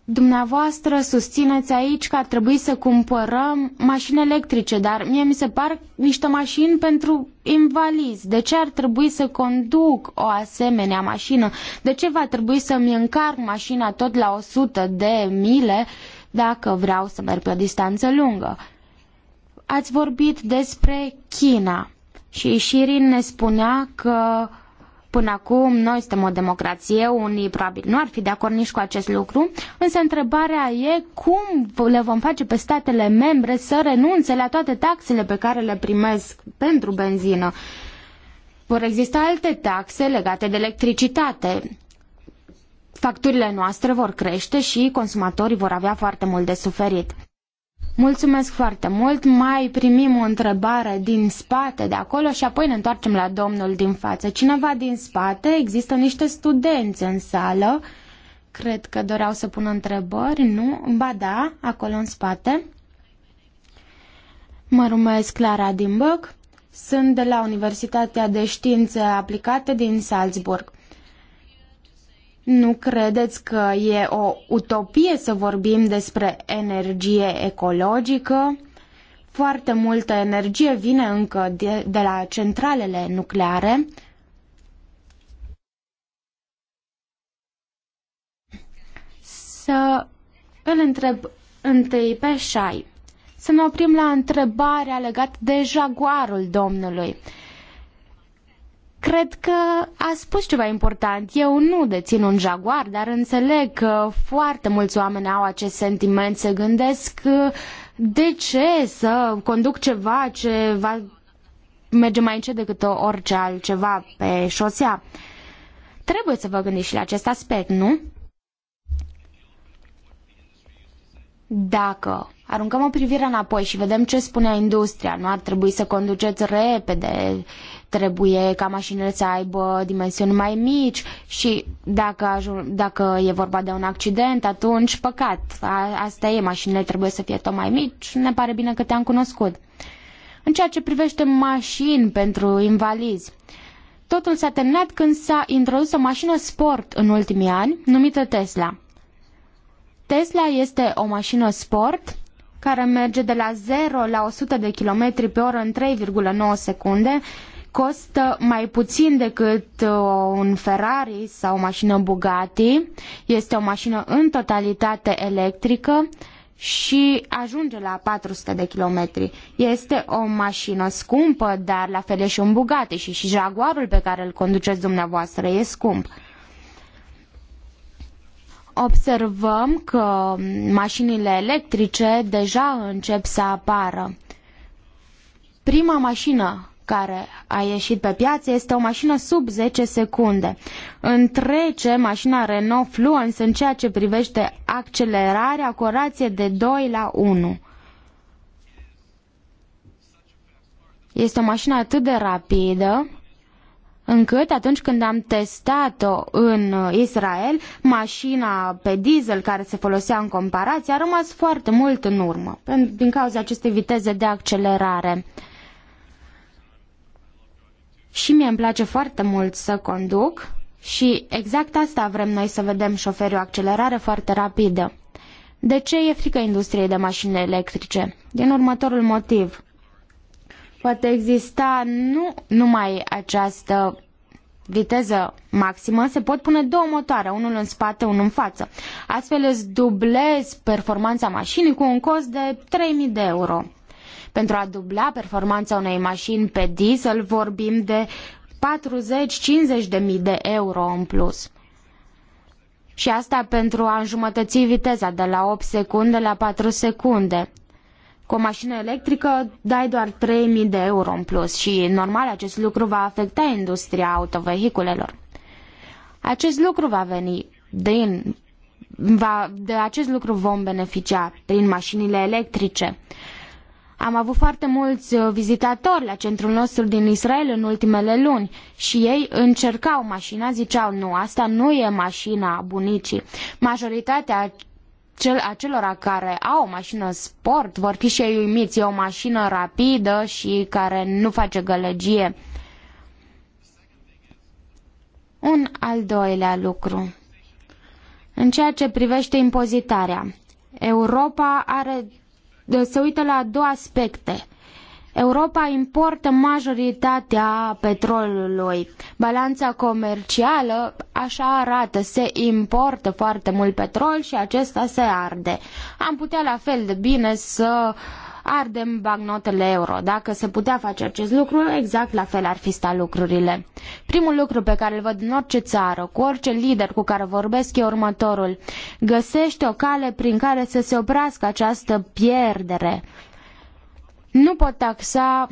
Dumneavoastră susțineți aici că ar trebui să cumpărăm mașini electrice, dar mie mi se par niște mașini pentru invalizi. De ce ar trebui să conduc o asemenea mașină? De ce va trebui să-mi încarc mașina tot la 100 de mile dacă vreau să merg pe o distanță lungă? Ați vorbit despre China și Shirin ne spunea că Până acum, noi suntem o democrație, unii probabil nu ar fi de acord nici cu acest lucru, însă întrebarea e cum le vom face pe statele membre să renunțe la toate taxele pe care le primesc pentru benzină. Vor exista alte taxe legate de electricitate. Facturile noastre vor crește și consumatorii vor avea foarte mult de suferit. Mulțumesc foarte mult. Mai primim o întrebare din spate de acolo și apoi ne întoarcem la domnul din față. Cineva din spate, există niște studenți în sală. Cred că doreau să pună întrebări, nu? Ba da, acolo în spate. Mă numesc Clara Dimbăc. Sunt de la Universitatea de Științe Aplicate din Salzburg. Nu credeți că e o utopie să vorbim despre energie ecologică? Foarte multă energie vine încă de, de la centralele nucleare. Să îl întreb întâi pe Șai. Să ne oprim la întrebarea legată de jaguarul domnului. Cred că a spus ceva important. Eu nu dețin un jaguar, dar înțeleg că foarte mulți oameni au acest sentiment, se gândesc uh, de ce să conduc ceva ce va merge mai încet decât orice altceva pe șosea. Trebuie să vă gândiți și la acest aspect, nu? Dacă aruncăm o privire înapoi și vedem ce spunea industria, nu ar trebui să conduceți repede, trebuie ca mașinile să aibă dimensiuni mai mici și dacă, ajung, dacă e vorba de un accident, atunci păcat, a, asta e, mașinile trebuie să fie tot mai mici, ne pare bine că te-am cunoscut. În ceea ce privește mașini pentru invalizi, totul s-a terminat când s-a introdus o mașină sport în ultimii ani, numită Tesla. Tesla este o mașină sport care merge de la 0 la 100 de km pe oră în 3,9 secunde, costă mai puțin decât uh, un Ferrari sau o mașină Bugatti, este o mașină în totalitate electrică și ajunge la 400 de kilometri. Este o mașină scumpă, dar la fel e și un Bugatti și, și Jaguarul pe care îl conduceți dumneavoastră e scump observăm că mașinile electrice deja încep să apară. Prima mașină care a ieșit pe piață este o mașină sub 10 secunde. Întrece mașina Renault Fluence în ceea ce privește accelerarea cu o rație de 2 la 1. Este o mașină atât de rapidă încât atunci când am testat-o în uh, Israel, mașina pe diesel care se folosea în comparație a rămas foarte mult în urmă din cauza acestei viteze de accelerare. Și mie îmi place foarte mult să conduc și exact asta vrem noi să vedem șoferii o accelerare foarte rapidă. De ce e frică industriei de mașini electrice? Din următorul motiv poate exista nu numai această viteză maximă, se pot pune două motoare, unul în spate, unul în față. Astfel îți dublezi performanța mașinii cu un cost de 3000 de euro. Pentru a dubla performanța unei mașini pe diesel vorbim de 40-50 de mii de euro în plus. Și asta pentru a înjumătăți viteza de la 8 secunde la 4 secunde cu o mașină electrică dai doar 3.000 de euro în plus și normal acest lucru va afecta industria autovehiculelor. Acest lucru va veni din va, de acest lucru vom beneficia prin mașinile electrice. Am avut foarte mulți uh, vizitatori la centrul nostru din Israel în ultimele luni și ei încercau mașina, ziceau nu, asta nu e mașina bunicii. Majoritatea cel, acelora care au o mașină sport vor fi și ei uimiți. E o mașină rapidă și care nu face gălăgie. Un al doilea lucru. În ceea ce privește impozitarea, Europa are, se uită la două aspecte Europa importă majoritatea petrolului. Balanța comercială așa arată, se importă foarte mult petrol și acesta se arde. Am putea la fel de bine să ardem bagnotele euro. Dacă se putea face acest lucru, exact la fel ar fi stat lucrurile. Primul lucru pe care îl văd în orice țară, cu orice lider cu care vorbesc, e următorul. Găsește o cale prin care să se oprească această pierdere nu pot taxa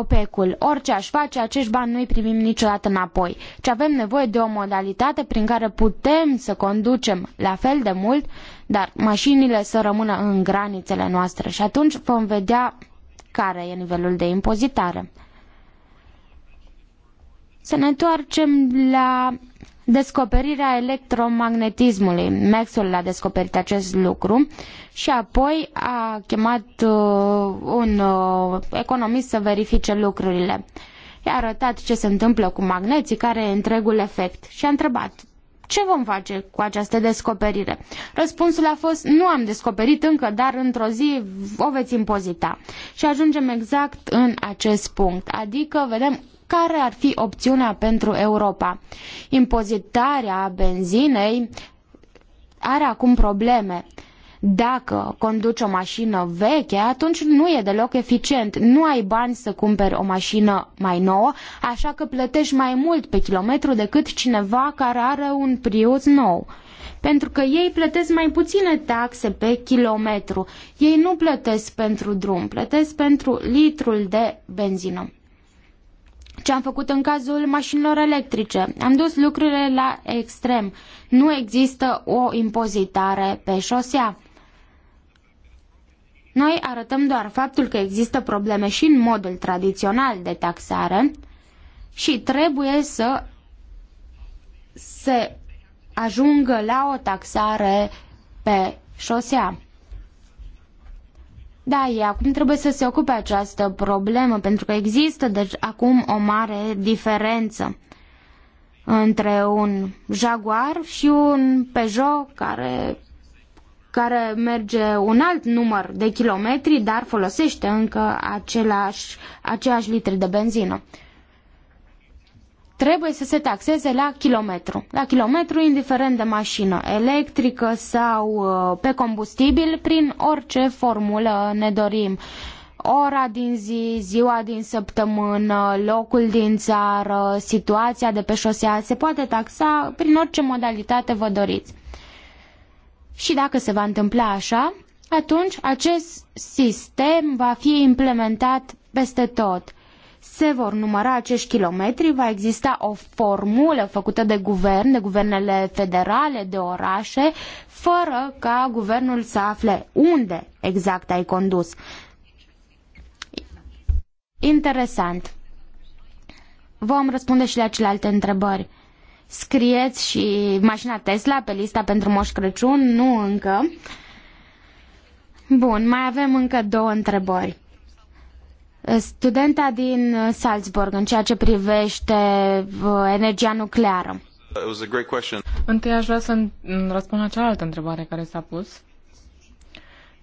OPEC-ul. Orice aș face, acești bani nu-i primim niciodată înapoi. Ci avem nevoie de o modalitate prin care putem să conducem la fel de mult, dar mașinile să rămână în granițele noastre și atunci vom vedea care e nivelul de impozitare. Să ne întoarcem la descoperirea electromagnetismului. Maxwell a descoperit acest lucru și apoi a chemat uh, un uh, economist să verifice lucrurile. I-a arătat ce se întâmplă cu magneții, care e întregul efect și a întrebat ce vom face cu această descoperire? Răspunsul a fost nu am descoperit încă, dar într-o zi o veți impozita. Și ajungem exact în acest punct, adică vedem care ar fi opțiunea pentru Europa. Impozitarea benzinei are acum probleme. Dacă conduci o mașină veche, atunci nu e deloc eficient. Nu ai bani să cumperi o mașină mai nouă, așa că plătești mai mult pe kilometru decât cineva care are un Prius nou pentru că ei plătesc mai puține taxe pe kilometru. Ei nu plătesc pentru drum, plătesc pentru litrul de benzină ce am făcut în cazul mașinilor electrice. Am dus lucrurile la extrem. Nu există o impozitare pe șosea. Noi arătăm doar faptul că există probleme și în modul tradițional de taxare și trebuie să se ajungă la o taxare pe șosea. Da, e, acum trebuie să se ocupe această problemă, pentru că există deci acum o mare diferență între un Jaguar și un Peugeot care, care merge un alt număr de kilometri, dar folosește încă același, aceeași litri de benzină trebuie să se taxeze la kilometru. La kilometru, indiferent de mașină electrică sau uh, pe combustibil, prin orice formulă ne dorim. Ora din zi, ziua din săptămână, locul din țară, situația de pe șosea, se poate taxa prin orice modalitate vă doriți. Și dacă se va întâmpla așa, atunci acest sistem va fi implementat peste tot se vor număra acești kilometri, va exista o formulă făcută de guvern, de guvernele federale, de orașe, fără ca guvernul să afle unde exact ai condus. Interesant. Vom răspunde și la celelalte întrebări. Scrieți și mașina Tesla pe lista pentru Moș Crăciun? Nu încă. Bun, mai avem încă două întrebări. Eh, studenta din eh, Salzburg în ceea ce privește eh, energia nucleară. Întâi aș vrea să mm, răspund la cealaltă întrebare care s-a pus.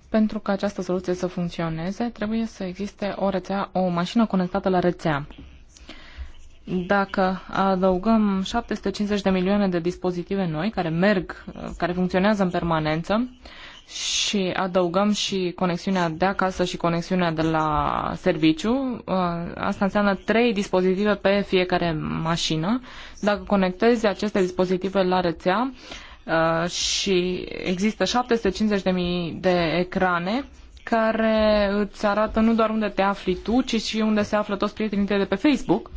Pentru ca această soluție să funcționeze, trebuie să existe o rețea, o mașină conectată la rețea. Dacă adăugăm 750 de milioane de dispozitive noi care merg, care funcționează în permanență, și adăugăm și conexiunea de acasă și conexiunea de la serviciu. Uh, asta înseamnă trei dispozitive pe fiecare mașină. Dacă conectezi aceste dispozitive la rețea uh, și există 750.000 de ecrane care îți arată nu doar unde te afli tu, ci și unde se află toți prietenii tăi de pe Facebook,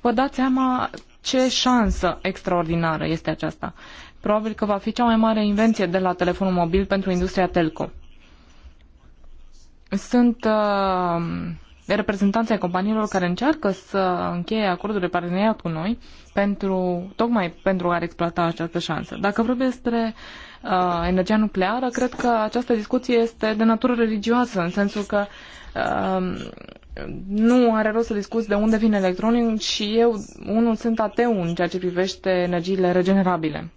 vă dați seama ce șansă extraordinară este aceasta. Probabil că va fi cea mai mare invenție de la telefonul mobil pentru industria telco. Sunt uh, reprezentanții companiilor care încearcă să încheie acorduri de parteneriat cu noi pentru, tocmai pentru a exploata această șansă. Dacă vorbim despre uh, energia nucleară, cred că această discuție este de natură religioasă, în sensul că uh, nu are rost să discuți de unde vine electronic și eu, unul, sunt ateu în ceea ce privește energiile regenerabile.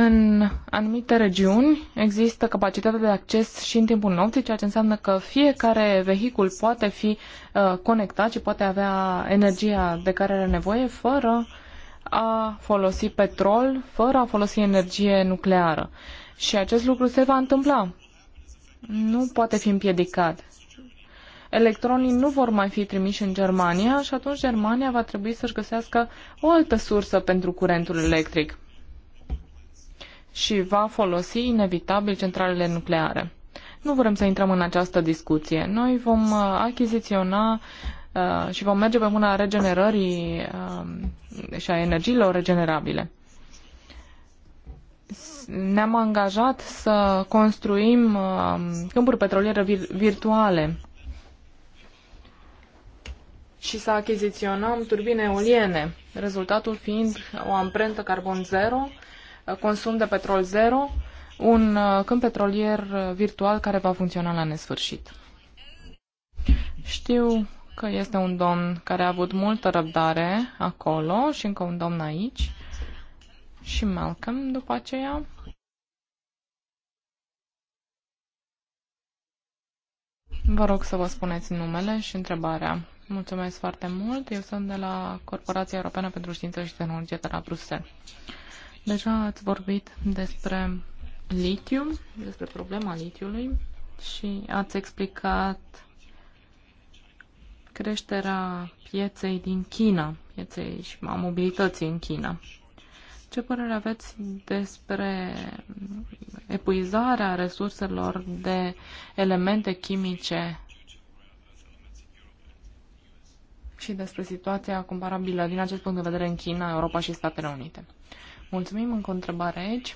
În anumite regiuni există capacitatea de acces și în timpul nopții, ceea ce înseamnă că fiecare vehicul poate fi uh, conectat și poate avea energia de care are nevoie fără a folosi petrol, fără a folosi energie nucleară. Și acest lucru se va întâmpla. Nu poate fi împiedicat. Electronii nu vor mai fi trimiși în Germania și atunci Germania va trebui să-și găsească o altă sursă pentru curentul electric și va folosi inevitabil centralele nucleare. Nu vrem să intrăm în această discuție. Noi vom uh, achiziționa uh, și vom merge pe mâna regenerării uh, și a energiilor regenerabile. Ne-am angajat să construim câmpuri petroliere virtuale și să achiziționăm turbine eoliene, rezultatul fiind o amprentă carbon zero consum de petrol zero, un uh, câmp petrolier uh, virtual care va funcționa la nesfârșit. Știu că este un domn care a avut multă răbdare acolo și încă un domn aici și Malcolm după aceea. Vă rog să vă spuneți numele și întrebarea. Mulțumesc foarte mult. Eu sunt de la Corporația Europeană pentru Știință și Tehnologie de la Bruxelles. Deja ați vorbit despre litiu, despre problema litiului și ați explicat creșterea pieței din China, pieței și a mobilității în China. Ce părere aveți despre epuizarea resurselor de elemente chimice și despre situația comparabilă din acest punct de vedere în China, Europa și Statele Unite? Mulțumim încă o întrebare aici.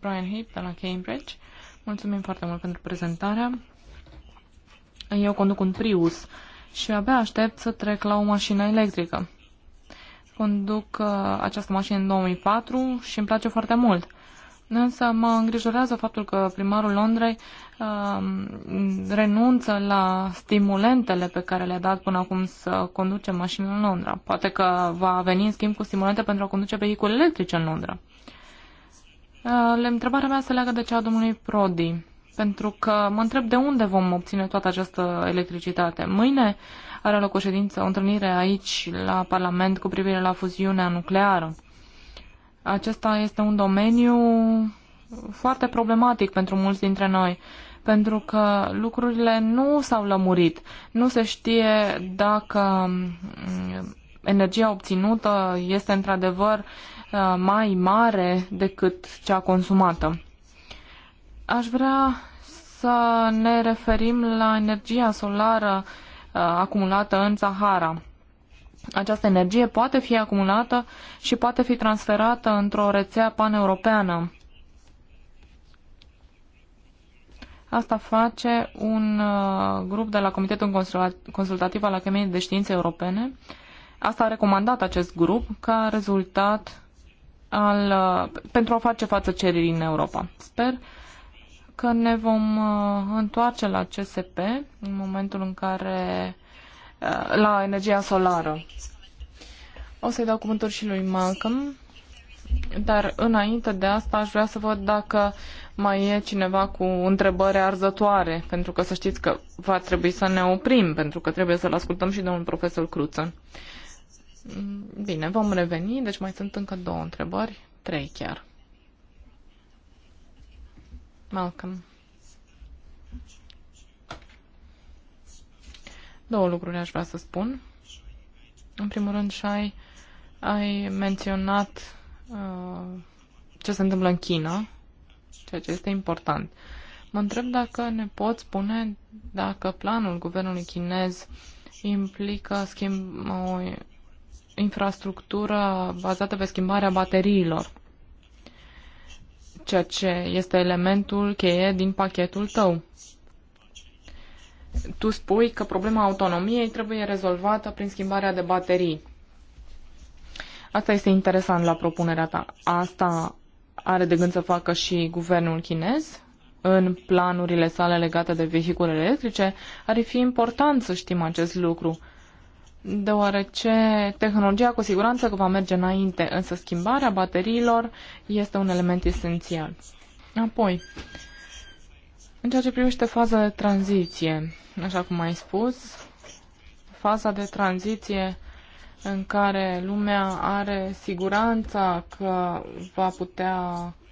Brian Heap de la Cambridge. Mulțumim foarte mult pentru prezentarea. Eu conduc un Prius și abia aștept să trec la o mașină electrică. Conduc uh, această mașină în 2004 și îmi place foarte mult. Însă mă îngrijorează faptul că primarul Londrei uh, renunță la stimulentele pe care le-a dat până acum să conduce mașini în Londra. Poate că va veni în schimb cu stimulente pentru a conduce vehicule electrice în Londra. Uh, întrebarea mea se leagă de cea a domnului Prodi, pentru că mă întreb de unde vom obține toată această electricitate. Mâine are loc o ședință, o întâlnire aici la Parlament cu privire la fuziunea nucleară. Acesta este un domeniu foarte problematic pentru mulți dintre noi, pentru că lucrurile nu s-au lămurit. Nu se știe dacă mm, energia obținută este într-adevăr uh, mai mare decât cea consumată. Aș vrea să ne referim la energia solară uh, acumulată în Sahara. Această energie poate fi acumulată și poate fi transferată într-o rețea paneuropeană. Asta face un uh, grup de la Comitetul Consultativ al Academiei de Științe Europene. Asta a recomandat acest grup ca rezultat al, uh, pentru a face față cererii în Europa. Sper că ne vom uh, întoarce la CSP în momentul în care Uh, la energia solară. O să-i dau cuvântul și lui Malcolm, dar înainte de asta aș vrea să văd dacă mai e cineva cu întrebări arzătoare, pentru că să știți că va trebui să ne oprim, pentru că trebuie să-l ascultăm și domnul profesor Cruță. Bine, vom reveni, deci mai sunt încă două întrebări, trei chiar. Malcolm. Două lucruri aș vrea să spun. În primul rând, Shai, ai menționat uh, ce se întâmplă în China, ceea ce este important. Mă întreb dacă ne poți spune dacă planul guvernului chinez implică schimb, o infrastructură bazată pe schimbarea bateriilor, ceea ce este elementul cheie din pachetul tău tu spui că problema autonomiei trebuie rezolvată prin schimbarea de baterii. Asta este interesant la propunerea ta. Asta are de gând să facă și guvernul chinez în planurile sale legate de vehiculele electrice. Ar fi important să știm acest lucru, deoarece tehnologia cu siguranță că va merge înainte, însă schimbarea bateriilor este un element esențial. Apoi, în ceea ce privește faza de tranziție, așa cum ai spus, faza de tranziție în care lumea are siguranța că va putea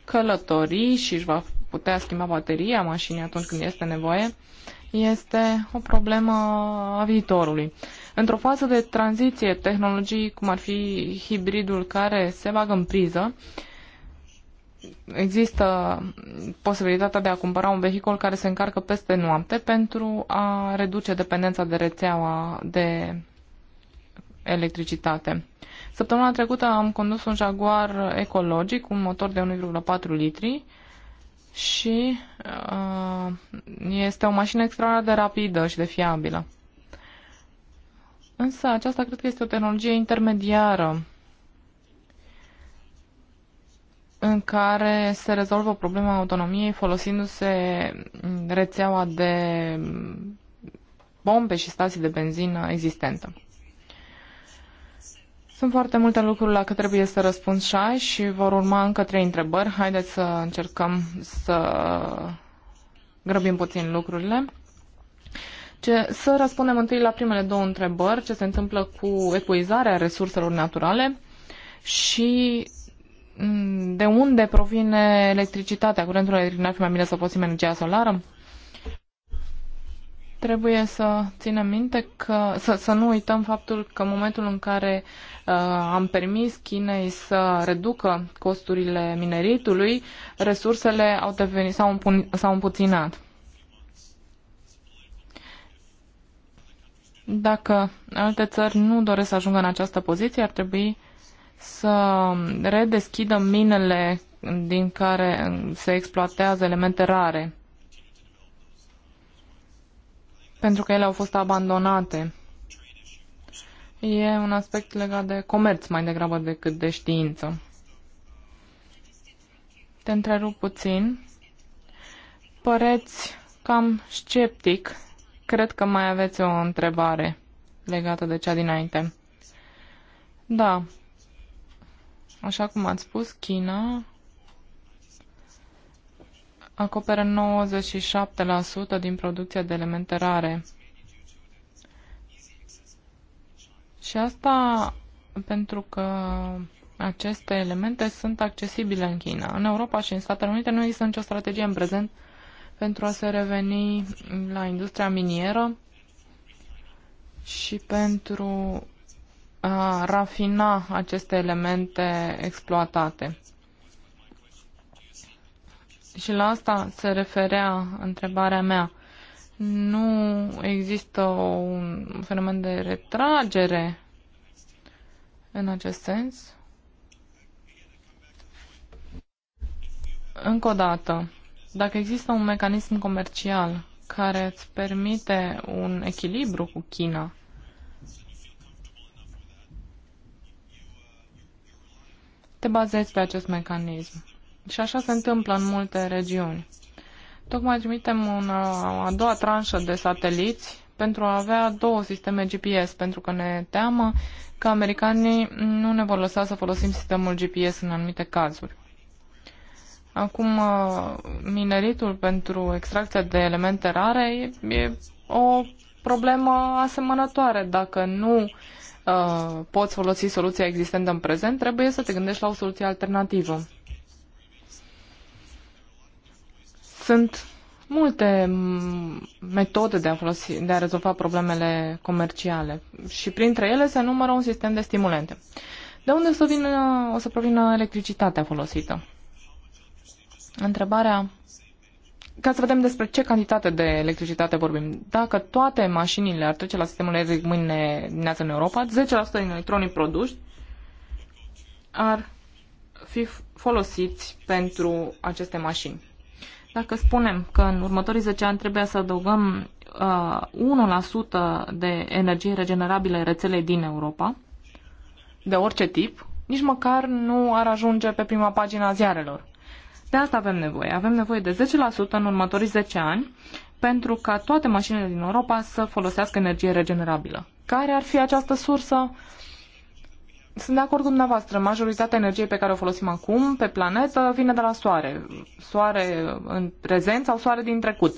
călători și își va putea schimba bateria mașinii atunci când este nevoie, este o problemă a viitorului. Într-o fază de tranziție, tehnologii cum ar fi hibridul care se bagă în priză, uh, există posibilitatea de a cumpăra un vehicul care se încarcă peste noapte pentru a reduce dependența de rețeaua de electricitate. Săptămâna trecută am condus un Jaguar ecologic, un motor de 1,4 litri și uh, este o mașină extraordinar de rapidă și de fiabilă. Însă aceasta cred că este o tehnologie intermediară în care se rezolvă problema autonomiei folosindu-se rețeaua de pompe și stații de benzină existentă. Sunt foarte multe lucruri la care trebuie să răspund și ai și vor urma încă trei întrebări. Haideți să încercăm să grăbim puțin lucrurile. Ce, să răspundem întâi la primele două întrebări, ce se întâmplă cu epuizarea resurselor naturale și Mm, de unde provine electricitatea, curentul electric, n-ar fi mai bine să folosim energia solară? Trebuie să ținem minte că, să, să nu uităm faptul că în momentul în care uh, am permis Chinei să reducă costurile mineritului, resursele au devenit, s-au, împun, s-au împuținat. Dacă alte țări nu doresc să ajungă în această poziție, ar trebui uh, să redeschidă minele din care se exploatează elemente rare, pentru că ele au fost abandonate. E un aspect legat de comerț mai degrabă decât de știință. Te întrerup puțin. Păreți cam sceptic. Cred că mai aveți o întrebare legată de cea dinainte. Da, Așa cum ați spus, China acoperă 97% din producția de elemente rare. Și asta pentru că aceste elemente sunt accesibile în China. În Europa și în Statele Unite nu există nicio strategie în prezent pentru a se reveni la industria minieră și pentru a rafina aceste elemente exploatate. Și la asta se referea întrebarea mea. Nu există un fenomen de retragere în acest sens? Încă o dată, dacă există un mecanism comercial care îți permite un echilibru cu China, te bazezi pe acest mecanism. Și așa se întâmplă în multe regiuni. Tocmai trimitem una, a doua tranșă de sateliți pentru a avea două sisteme GPS, pentru că ne teamă că americanii nu ne vor lăsa să folosim sistemul GPS în anumite cazuri. Acum, mineritul pentru extracția de elemente rare e, e o problemă asemănătoare. Dacă nu Uh, poți folosi soluția existentă în prezent, trebuie să te gândești la o soluție alternativă. Sunt multe metode de a, folosi, de a rezolva problemele comerciale și printre ele se numără un sistem de stimulente. De unde o să, vină, o să provină electricitatea folosită? Întrebarea ca să vedem despre ce cantitate de electricitate vorbim. Dacă toate mașinile ar trece la sistemul electric mâine dimineață în Europa, 10% din electronii produși ar fi folosiți pentru aceste mașini. Dacă spunem că în următorii 10 ani trebuie să adăugăm uh, 1% de energie regenerabile rețelei din Europa, de orice tip, nici măcar nu ar ajunge pe prima pagina ziarelor. De asta avem nevoie. Avem nevoie de 10% în următorii 10 ani pentru ca toate mașinile din Europa să folosească energie regenerabilă. Care ar fi această sursă? Sunt de acord cu dumneavoastră. Majoritatea energiei pe care o folosim acum pe planetă vine de la soare. Soare în prezent sau soare din trecut.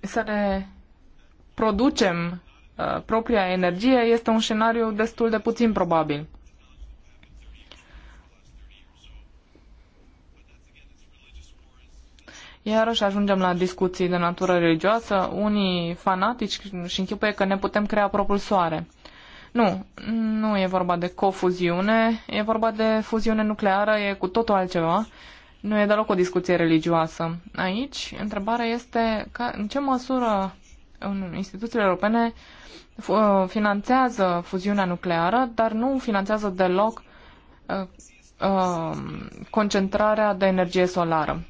Să ne producem uh, propria energie este un scenariu destul de puțin probabil. Iarăși ajungem la discuții de natură religioasă, unii fanatici și închipuie că ne putem crea propriul soare. Nu, nu e vorba de cofuziune, e vorba de fuziune nucleară, e cu totul altceva. Nu e deloc o discuție religioasă. Aici, întrebarea este ca, în ce măsură în instituțiile europene uh, finanțează fuziunea nucleară, dar nu finanțează deloc uh, uh, concentrarea de energie solară.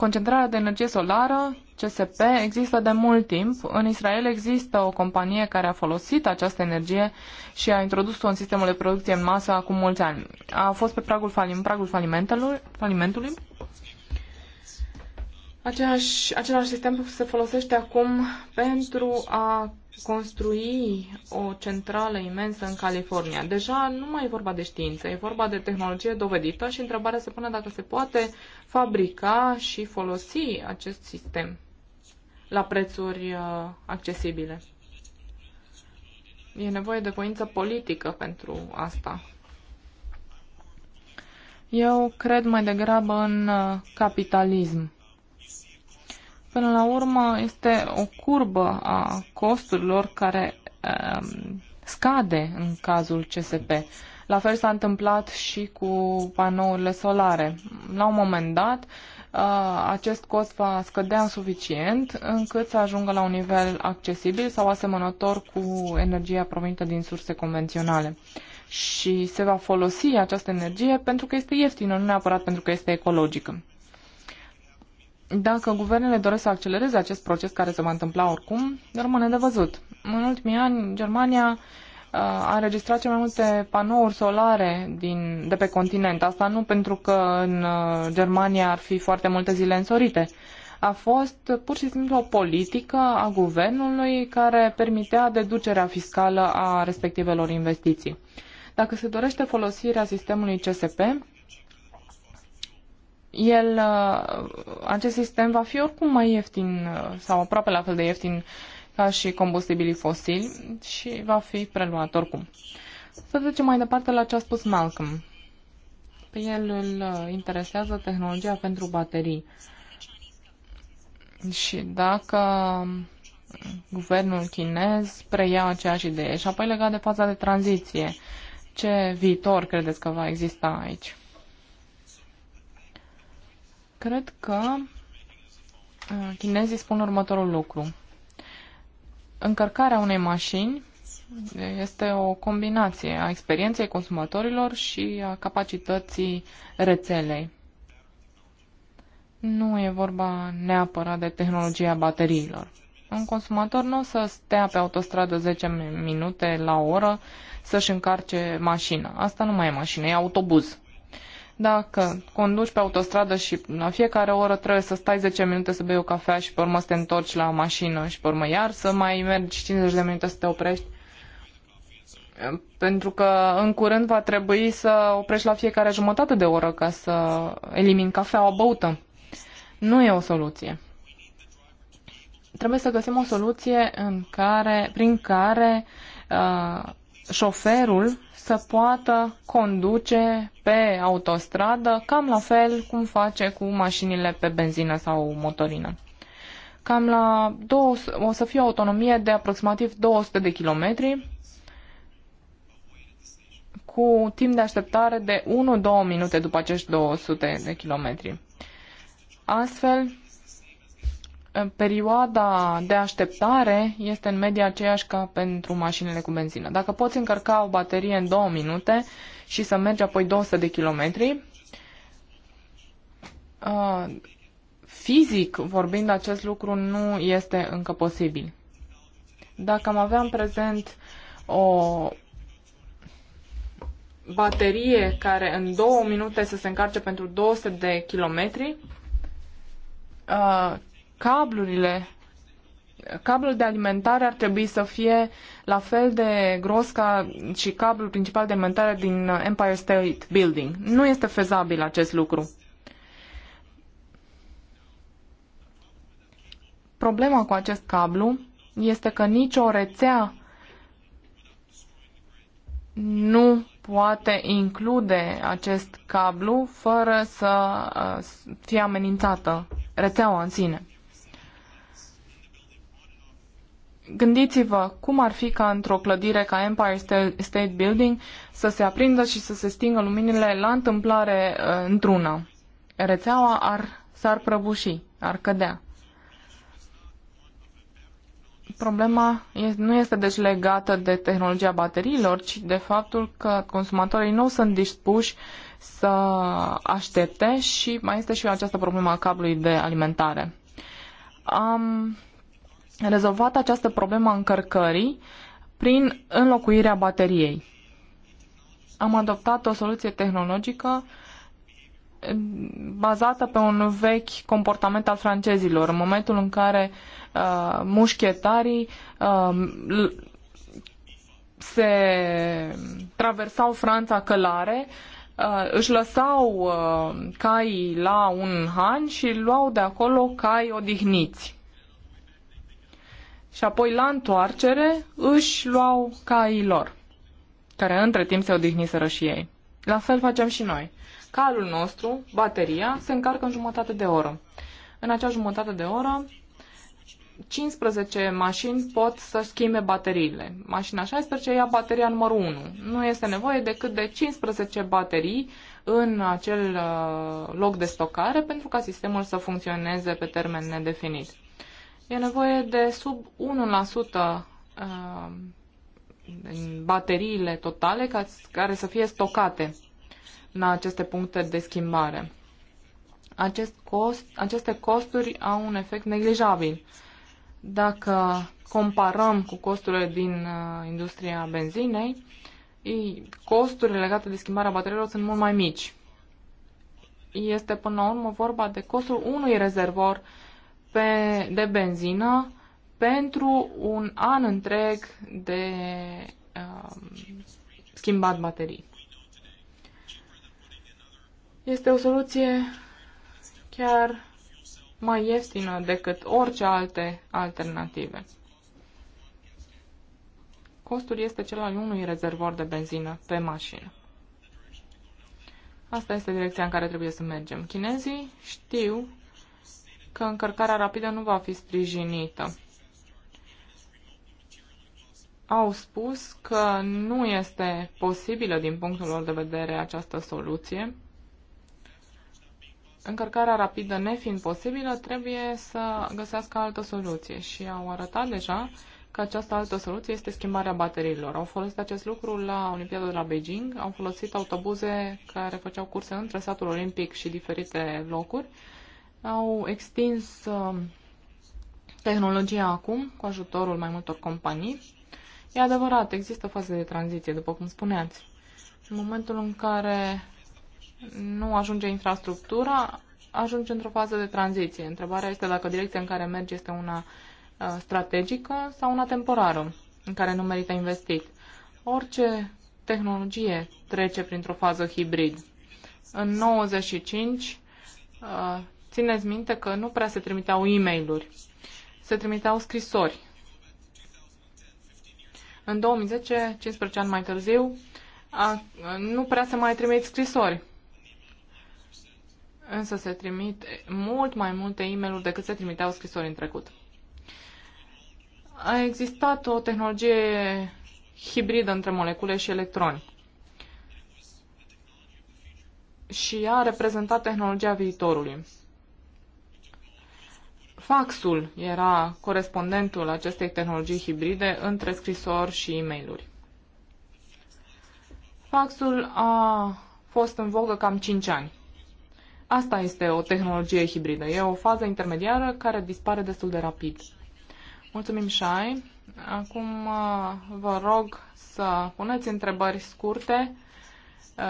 Concentrarea de energie solară, CSP, există de mult timp. În Israel există o companie care a folosit această energie și a introdus-o în sistemul de producție în masă acum mulți ani. A fost pe pragul, falim, pragul falimentului, falimentului. Aceeași, același sistem se folosește acum pentru a construi o centrală imensă în California. Deja nu mai e vorba de știință, e vorba de tehnologie dovedită și întrebarea se pune dacă se poate fabrica și folosi acest sistem la prețuri uh, accesibile. E nevoie de voință politică pentru asta. Eu cred mai degrabă în uh, capitalism Până la urmă, este o curbă a costurilor care uh, scade în cazul CSP. La fel s-a întâmplat și cu panourile solare. La un moment dat, uh, acest cost va scădea suficient încât să ajungă la un nivel accesibil sau asemănător cu energia provenită din surse convenționale. Și se va folosi această energie pentru că este ieftină, nu neapărat pentru că este ecologică. Dacă guvernele doresc să accelereze acest proces care se va întâmpla oricum, rămâne de văzut. În ultimii ani, Germania uh, a înregistrat cel mai multe panouri solare din, de pe continent. Asta nu pentru că în uh, Germania ar fi foarte multe zile însorite. A fost uh, pur și simplu o politică a guvernului care permitea deducerea fiscală a respectivelor investiții. Dacă se dorește folosirea sistemului CSP, el, uh, acest sistem va fi oricum mai ieftin uh, sau aproape la fel de ieftin ca și combustibilii fosili și va fi preluat oricum. Să trecem mai departe la ce a spus Malcolm. Pe el îl uh, interesează tehnologia pentru baterii. Și dacă guvernul chinez preia aceeași idee și apoi legat de faza de tranziție, ce viitor credeți că va exista aici? Cred că uh, chinezii spun următorul lucru. Încărcarea unei mașini este o combinație a experienței consumatorilor și a capacității rețelei. Nu e vorba neapărat de tehnologia bateriilor. Un consumator nu o să stea pe autostradă 10 minute la o oră să-și încarce mașina. Asta nu mai e mașină, e autobuz. Dacă conduci pe autostradă și la fiecare oră trebuie să stai 10 minute să bei o cafea și pe urmă să te întorci la mașină și pe urmă iar să mai mergi 50 de minute să te oprești, pentru că în curând va trebui să oprești la fiecare jumătate de oră ca să elimini cafeaua băută. Nu e o soluție. Trebuie să găsim o soluție în care, prin care uh, șoferul să poată conduce pe autostradă cam la fel cum face cu mașinile pe benzină sau motorină. Cam la două, o să fie o autonomie de aproximativ 200 de kilometri cu timp de așteptare de 1-2 minute după acești 200 de kilometri. Astfel, perioada de așteptare este în medie aceeași ca pentru mașinile cu benzină. Dacă poți încărca o baterie în două minute și să mergi apoi 200 de kilometri, uh, fizic vorbind acest lucru nu este încă posibil. Dacă am avea în prezent o baterie care în două minute să se încarce pentru 200 de kilometri, uh, cablurile cablul de alimentare ar trebui să fie la fel de gros ca și cablul principal de alimentare din Empire State Building. Nu este fezabil acest lucru. Problema cu acest cablu este că nicio rețea nu poate include acest cablu fără să uh, fie amenințată rețeaua în sine. Gândiți-vă cum ar fi ca într-o clădire ca Empire State Building să se aprindă și să se stingă luminile la întâmplare uh, într-una. Rețeaua ar, s-ar prăbuși, ar cădea. Problema nu este deci legată de tehnologia bateriilor, ci de faptul că consumatorii nu sunt dispuși să aștepte și mai este și această problemă a cablului de alimentare. Am rezolvat această problemă a încărcării prin înlocuirea bateriei. Am adoptat o soluție tehnologică eh, bazată pe un vechi comportament al francezilor. În momentul în care uh, mușchetarii uh, se traversau Franța călare, uh, își lăsau uh, caii la un han și luau de acolo cai odihniți și apoi la întoarcere își luau caii lor, care între timp se odihniseră și ei. La fel facem și noi. Calul nostru, bateria, se încarcă în jumătate de oră. În acea jumătate de oră, 15 mașini pot să schimbe bateriile. Mașina 16 ia bateria numărul 1. Nu este nevoie decât de 15 baterii în acel uh, loc de stocare pentru ca sistemul să funcționeze pe termen nedefinit. E nevoie de sub 1% uh, din bateriile totale care să fie stocate în aceste puncte de schimbare. Acest cost, aceste costuri au un efect neglijabil. Dacă comparăm cu costurile din uh, industria benzinei, costurile legate de schimbarea bateriilor sunt mult mai mici. Este până la urmă vorba de costul unui rezervor pe, de benzină pentru un an întreg de uh, schimbat baterii. Este o soluție chiar mai ieftină decât orice alte alternative. Costul este cel al unui rezervor de benzină pe mașină. Asta este direcția în care trebuie să mergem. Chinezii știu că încărcarea rapidă nu va fi sprijinită. Au spus că nu este posibilă din punctul lor de vedere această soluție. Încărcarea rapidă nefiind posibilă, trebuie să găsească altă soluție și au arătat deja că această altă soluție este schimbarea bateriilor. Au folosit acest lucru la Olimpiada de la Beijing, au folosit autobuze care făceau curse între satul olimpic și diferite locuri au extins uh, tehnologia acum cu ajutorul mai multor companii. E adevărat, există faze de tranziție, după cum spuneați. În momentul în care nu ajunge infrastructura, ajunge într-o fază de tranziție. Întrebarea este dacă direcția în care merge este una uh, strategică sau una temporară, în care nu merită investit. Orice tehnologie trece printr-o fază hibrid. În 95, Țineți minte că nu prea se trimiteau e mail se trimiteau scrisori. În 2010, 15 ani mai târziu, a, nu prea se mai trimit scrisori. Însă se trimit mult mai multe e mail decât se trimiteau scrisori în trecut. A existat o tehnologie hibridă între molecule și electroni. Și ea a reprezentat tehnologia viitorului. Faxul era corespondentul acestei tehnologii hibride între scrisori și e-mail-uri. Faxul a fost în vogă cam 5 ani. Asta este o tehnologie hibridă. E o fază intermediară care dispare destul de rapid. Mulțumim, Shai. Acum uh, vă rog să puneți întrebări scurte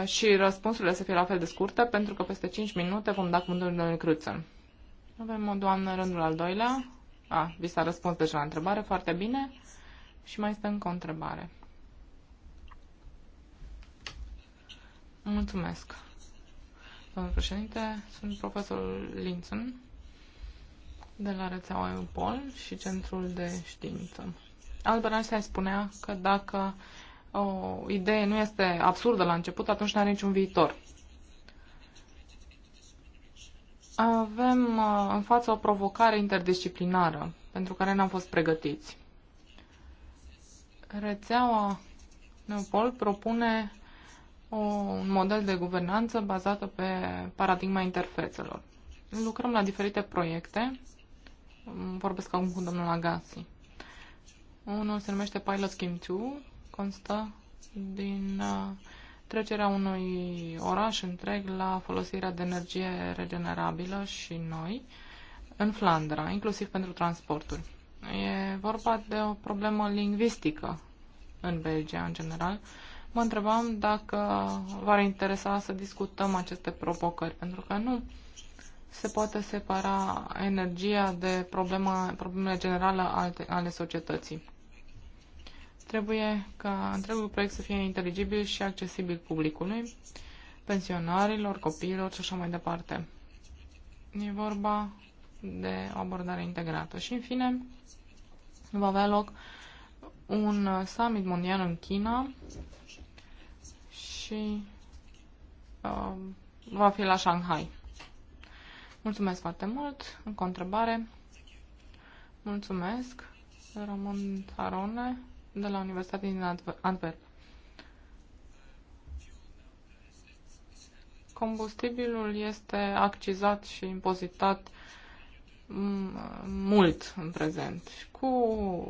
uh, și răspunsurile să fie la fel de scurte, pentru că peste 5 minute vom da cuvântul domnului Cruțăn. Avem o doamnă în rândul al doilea. A, vi s-a răspuns deja la întrebare, foarte bine. Și mai este încă o întrebare. Mulțumesc. Domnul președinte, sunt profesorul Linson de la rețeaua EUPOL și Centrul de Știință. Albert Einstein spunea că dacă o idee nu este absurdă la început, atunci nu are niciun viitor avem uh, în față o provocare interdisciplinară pentru care n-am fost pregătiți. Rețeaua Neopol propune o, un model de guvernanță bazată pe paradigma interfețelor. Lucrăm la diferite proiecte. Vorbesc acum cu domnul Agassi. Unul se numește Pilot Scheme 2, constă din uh, trecerea unui oraș întreg la folosirea de energie regenerabilă și noi în Flandra, inclusiv pentru transporturi. E vorba de o problemă lingvistică în Belgia, în general. Mă întrebam dacă v-ar interesa să discutăm aceste provocări, pentru că nu se poate separa energia de problema, problemele generale ale, ale societății. Trebuie ca întregul proiect să fie inteligibil și accesibil publicului, pensionarilor, copiilor și așa mai departe. E vorba de o abordare integrată. Și, în fine, va avea loc un summit mondial în China și uh, va fi la Shanghai. Mulțumesc foarte mult. Încă o întrebare. Mulțumesc, Ramon Tarone de la Universitatea din Antwerp. Combustibilul este accizat și impozitat mm, mult în prezent. Cu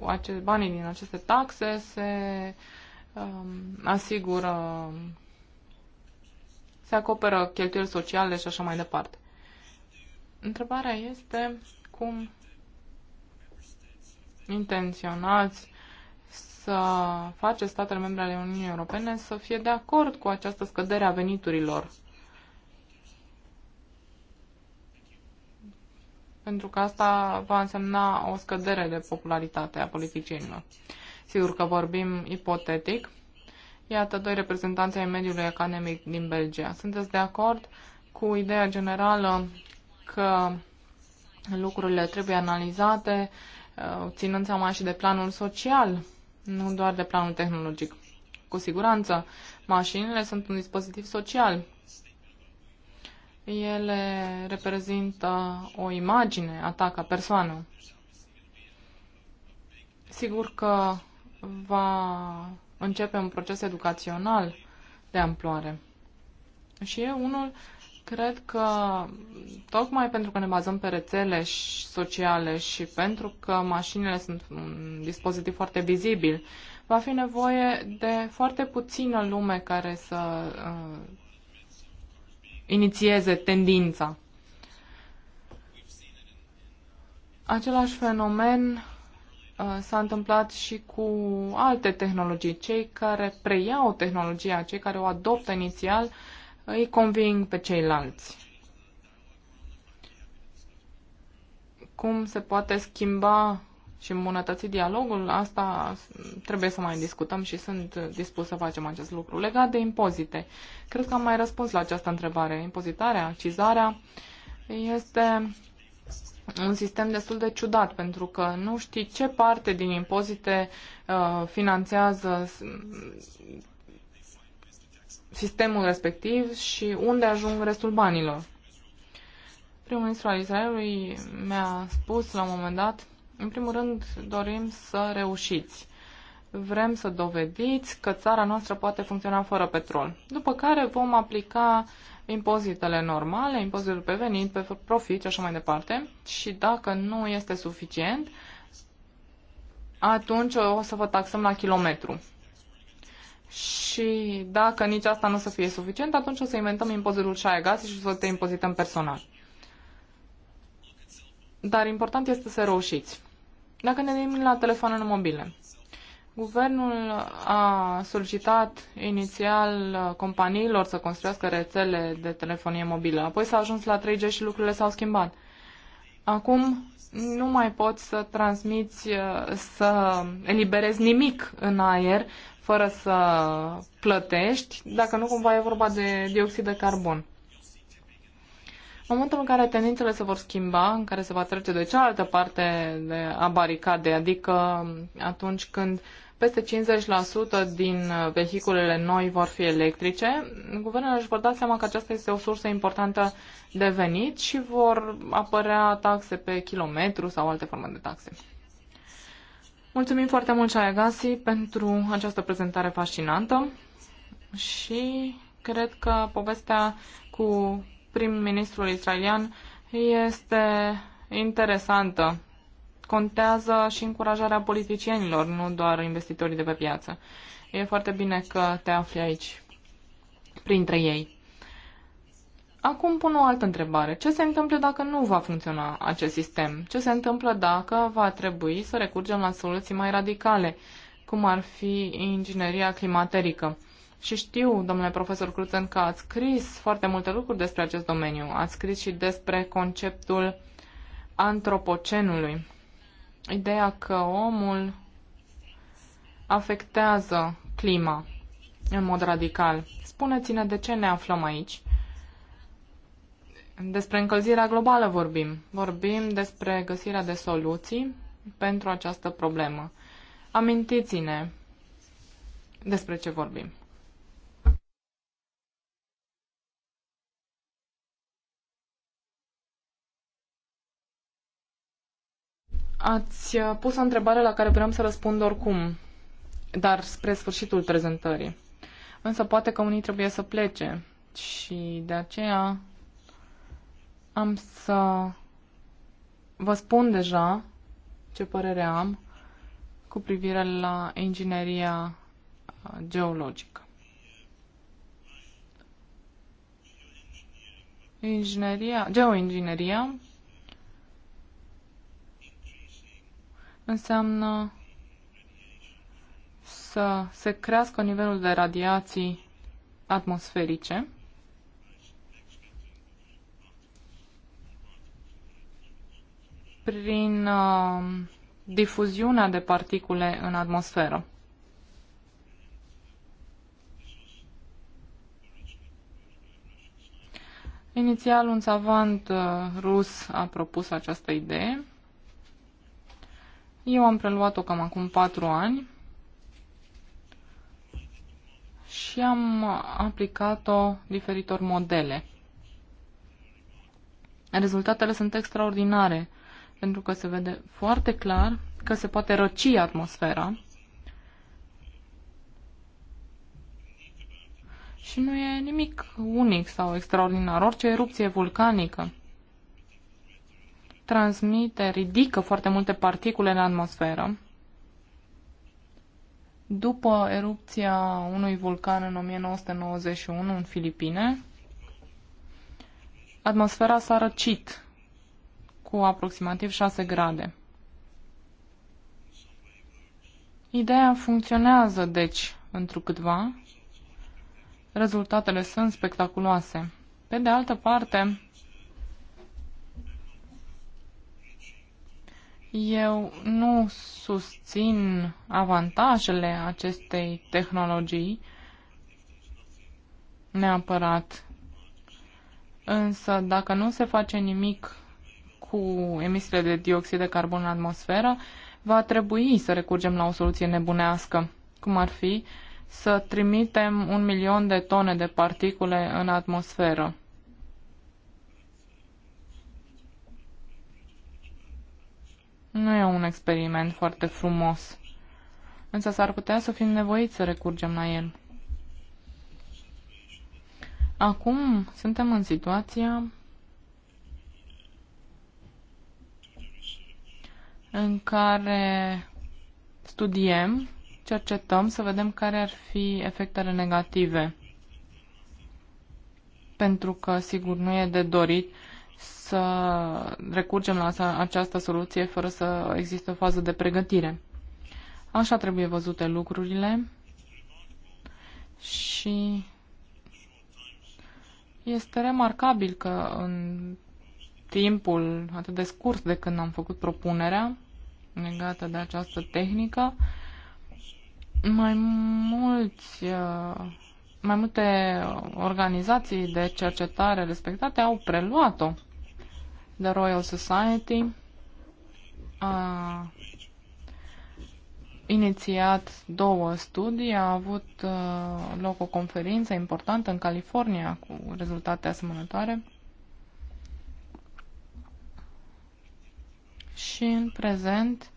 ace- banii din aceste taxe se um, asigură, se acoperă cheltuieli sociale și așa mai departe. Întrebarea este cum intenționați să face statele membre ale Uniunii Europene să fie de acord cu această scădere a veniturilor. Pentru că asta va însemna o scădere de popularitate a politicienilor. Sigur că vorbim ipotetic. Iată doi reprezentanți ai mediului academic din Belgia. Sunteți de acord cu ideea generală că lucrurile trebuie analizate, uh, ținând seama și de planul social nu doar de planul tehnologic. Cu siguranță, mașinile sunt un dispozitiv social. Ele reprezintă o imagine a ta ca persoană. Sigur că va începe un proces educațional de amploare. Și e unul, Cred că tocmai pentru că ne bazăm pe rețele sociale și pentru că mașinile sunt un dispozitiv foarte vizibil, va fi nevoie de foarte puțină lume care să uh, inițieze tendința. Același fenomen uh, s-a întâmplat și cu alte tehnologii. Cei care preiau tehnologia, cei care o adoptă inițial, uh, îi conving pe ceilalți. Cum se poate schimba și îmbunătăți dialogul, asta trebuie să mai discutăm și sunt dispus să facem acest lucru. Legat de impozite, cred că am mai răspuns la această întrebare. Impozitarea, accizarea este un sistem destul de ciudat pentru că nu știi ce parte din impozite uh, finanțează sistemul respectiv și unde ajung restul banilor. Primul ministru al Israelului mi-a spus la un moment dat, în primul rând dorim să reușiți. Vrem să dovediți că țara noastră poate funcționa fără petrol. După care vom aplica impozitele normale, impozitul pe venit, pe profit și așa mai departe. Și dacă nu este suficient, atunci o să vă taxăm la kilometru și dacă nici asta nu o să fie suficient, atunci o să inventăm impozitul și gaze și o să te impozităm personal. Dar important este să reușiți. Dacă ne dăm la telefoanele mobile, guvernul a solicitat inițial companiilor să construiască rețele de telefonie mobilă, apoi s-a ajuns la 3G și lucrurile s-au schimbat. Acum nu mai poți să transmiți, să eliberezi nimic în aer fără să plătești, dacă nu cumva e vorba de dioxid de carbon. În momentul în care tendințele se vor schimba, în care se va trece de cealaltă parte de a baricadei, adică atunci când peste 50% din vehiculele noi vor fi electrice, guvernele își vor da seama că aceasta este o sursă importantă de venit și vor apărea taxe pe kilometru sau alte forme de taxe. Mulțumim foarte mult, Gassi, pentru această prezentare fascinantă și cred că povestea cu prim-ministrul israelian este interesantă. Contează și încurajarea politicienilor, nu doar investitorii de pe piață. E foarte bine că te afli aici, printre ei. Acum pun o altă întrebare. Ce se întâmplă dacă nu va funcționa acest sistem? Ce se întâmplă dacă va trebui să recurgem la soluții mai radicale, cum ar fi ingineria climaterică? Și știu, domnule profesor Cruțen, că ați scris foarte multe lucruri despre acest domeniu. Ați scris și despre conceptul antropocenului. Ideea că omul afectează clima în mod radical. Spuneți-ne de ce ne aflăm aici despre încălzirea globală vorbim. Vorbim despre găsirea de soluții pentru această problemă. Amintiți-ne despre ce vorbim. Ați uh, pus o întrebare la care vreau să răspund oricum, dar spre sfârșitul prezentării. Însă poate că unii trebuie să plece și de aceea am să vă spun deja ce părere am cu privire la ingineria uh, geologică. Ingineria, geoingineria înseamnă să se crească nivelul de radiații atmosferice prin uh, difuziunea de particule în atmosferă. Inițial, un savant uh, rus a propus această idee. Eu am preluat-o cam acum patru ani și am aplicat-o diferitor modele. Rezultatele sunt extraordinare pentru că se vede foarte clar că se poate răci atmosfera și nu e nimic unic sau extraordinar. Orice erupție vulcanică transmite, ridică foarte multe particule în atmosferă. După erupția unui vulcan în 1991 în Filipine, atmosfera s-a răcit cu aproximativ 6 grade. Ideea funcționează, deci, întrucâtva. Rezultatele sunt spectaculoase. Pe de altă parte, eu nu susțin avantajele acestei tehnologii neapărat. Însă, dacă nu se face nimic cu emisiile de dioxid de carbon în atmosferă, va trebui să recurgem la o soluție nebunească, cum ar fi să trimitem un milion de tone de particule în atmosferă. Nu e un experiment foarte frumos, însă s-ar putea să fim nevoiți să recurgem la el. Acum suntem în situația în care studiem, cercetăm să vedem care ar fi efectele negative. Pentru că, sigur, nu e de dorit să recurgem la această soluție fără să existe o fază de pregătire. Așa trebuie văzute lucrurile și este remarcabil că în timpul atât de scurt de când am făcut propunerea legată de această tehnică, mai mulți uh, mai multe organizații de cercetare respectate au preluat-o. The Royal Society a inițiat două studii, a avut uh, loc o conferință importantă în California cu rezultate asemănătoare și în prezent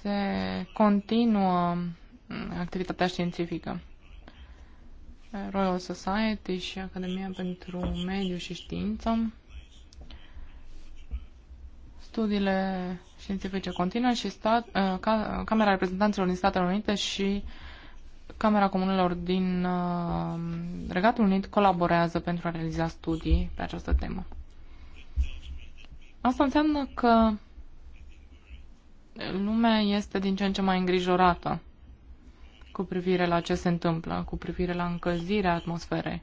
se continuă mm, activitatea științifică. Royal Society și Academia pentru Mediu și Știință. Studiile științifice continuă și stat, uh, ca, Camera Reprezentanților din Statele Unite și Camera Comunelor din uh, Regatul Unit colaborează pentru a realiza studii pe această temă. Asta înseamnă că lumea este din ce în ce mai îngrijorată cu privire la ce se întâmplă, cu privire la încălzirea atmosferei.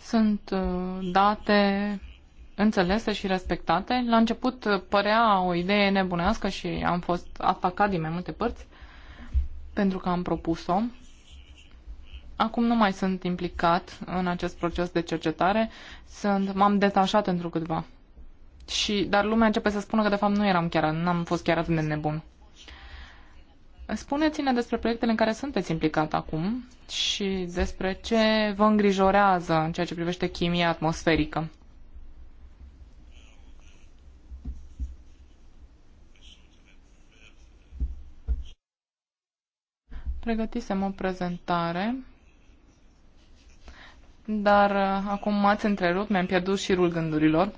Sunt uh, date înțelese și respectate. La început uh, părea o idee nebunească și am fost atacat din mai multe părți pentru că am propus-o. Acum nu mai sunt implicat în acest proces de cercetare, sunt, m-am detașat pentru câtva. Și, dar lumea începe să spună că de fapt nu eram chiar, n-am fost chiar atât de nebun. Spuneți-ne despre proiectele în care sunteți implicat acum și despre ce vă îngrijorează în ceea ce privește chimia atmosferică. Pregătisem o prezentare, dar uh, acum m-ați întrerupt, mi-am pierdut șirul gândurilor.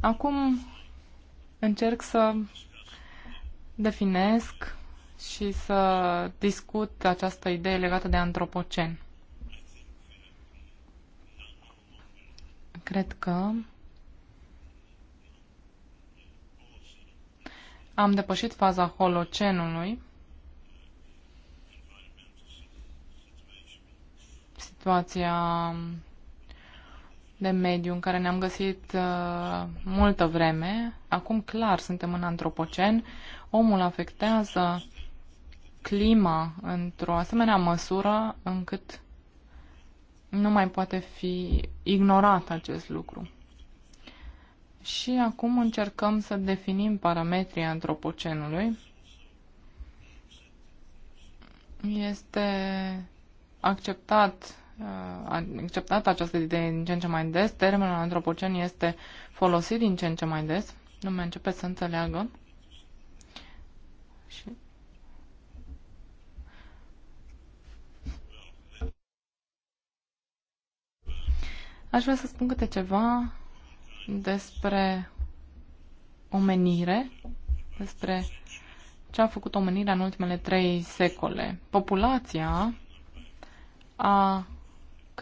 Acum încerc să definesc și să discut această idee legată de antropocen. Cred că am depășit faza holocenului situația de mediu în care ne-am găsit uh, multă vreme. Acum, clar, suntem în antropocen. Omul afectează clima într-o asemenea măsură încât nu mai poate fi ignorat acest lucru. Și acum încercăm să definim parametrii antropocenului. Este acceptat Uh, acceptat această idee din ce în ce mai des. Termenul antropocen este folosit din ce în ce mai des. Lumea începe să înțeleagă. Și Aș vrea să spun câte ceva despre omenire, despre ce a făcut omenirea în ultimele trei secole. Populația a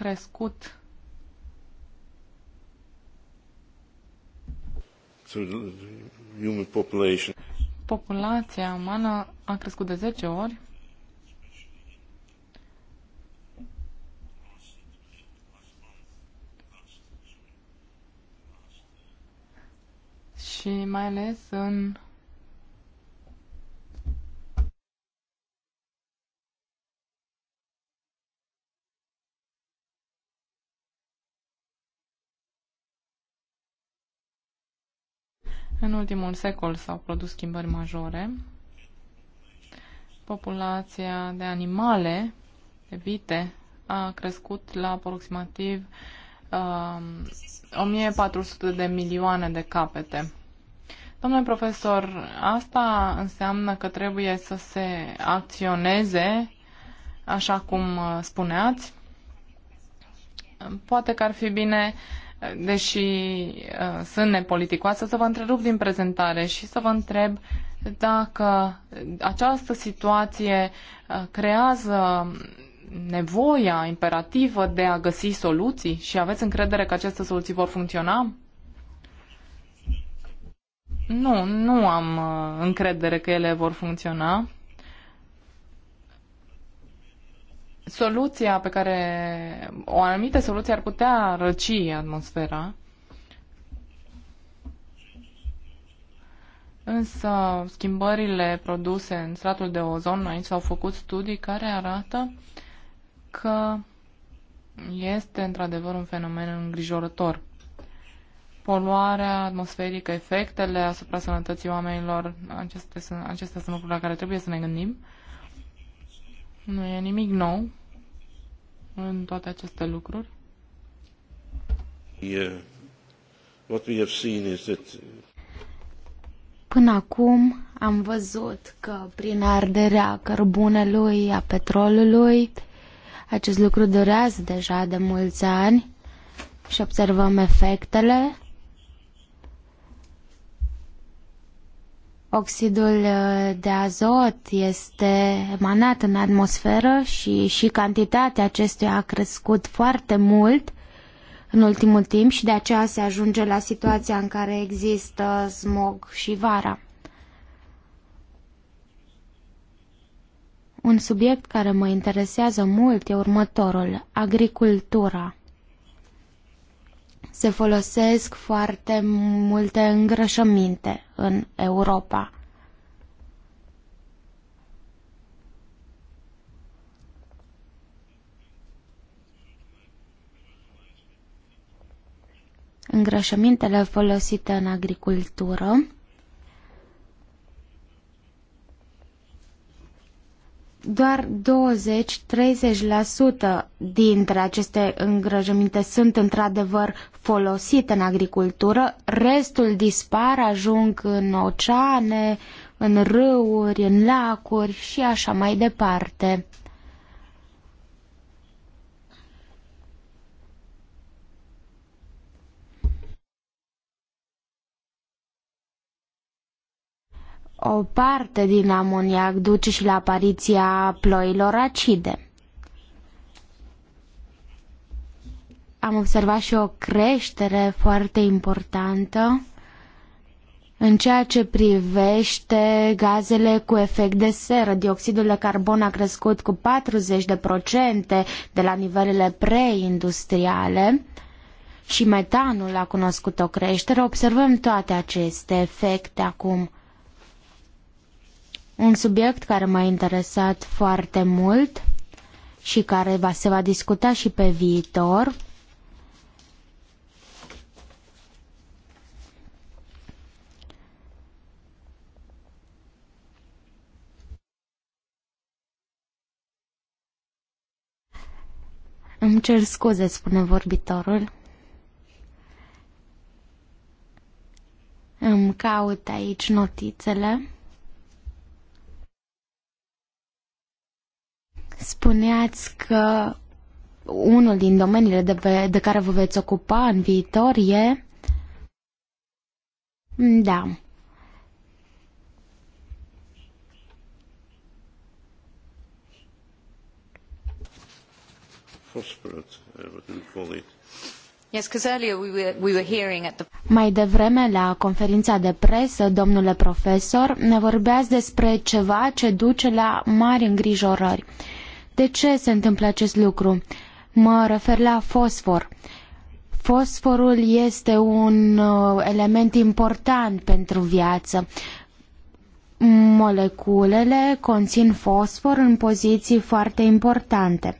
crescut Populația umană a crescut de 10 ori. Și mai ales în În ultimul secol s-au produs schimbări majore. Populația de animale, de vite, a crescut la aproximativ uh, um, 1400 de milioane de capete. Domnule profesor, asta înseamnă că trebuie să se acționeze așa cum uh, spuneați? Poate că ar fi bine uh, deși uh, sunt nepoliticoasă, să vă întrerup din prezentare și să vă întreb dacă această situație uh, creează nevoia imperativă de a găsi soluții și aveți încredere că aceste soluții vor funcționa? Nu, nu am uh, încredere că ele vor funcționa. soluția pe care o anumită soluție ar putea răci atmosfera, Însă schimbările produse în stratul de ozon, aici s-au făcut studii care arată că este într-adevăr un fenomen îngrijorător. Poluarea atmosferică, efectele asupra sănătății oamenilor, acestea sunt, acestea sunt lucruri la care trebuie să ne gândim. Nu e nimic nou în toate aceste lucruri. Yeah. What we have seen is that... Uh, Până acum am văzut că prin arderea cărbunelui, a petrolului, acest lucru durează deja de mulți ani și observăm efectele Oxidul uh, de azot este emanat în atmosferă și, și cantitatea acestuia a crescut foarte mult în ultimul timp și de aceea se ajunge la situația în care există smog și vara. Un subiect care mă interesează mult e următorul, agricultura. Se folosesc foarte multe îngrășăminte în Europa. Îngrășămintele folosite în agricultură doar 20-30% dintre aceste îngrăjăminte sunt într-adevăr folosite în agricultură, restul dispar, ajung în oceane, în râuri, în lacuri și așa mai departe. O parte din amoniac duce și la apariția ploilor acide. Am observat și o creștere foarte importantă în ceea ce privește gazele cu efect de seră, dioxidul de carbon a crescut cu 40% de la nivelele preindustriale și metanul a cunoscut o creștere. Observăm toate aceste efecte acum. Un subiect care m-a interesat foarte mult și care va, se va discuta și pe viitor Îmi cer scuze, spune vorbitorul. Îmi caut aici notițele. Spuneați că unul din domeniile de, pe, de care vă veți ocupa în viitor e... Da. Mai devreme, la conferința de presă, domnule profesor, ne vorbeați despre ceva ce duce la mari îngrijorări. De ce se întâmplă acest lucru? Mă refer la fosfor. Fosforul este un uh, element important pentru viață. Moleculele conțin fosfor în poziții foarte importante.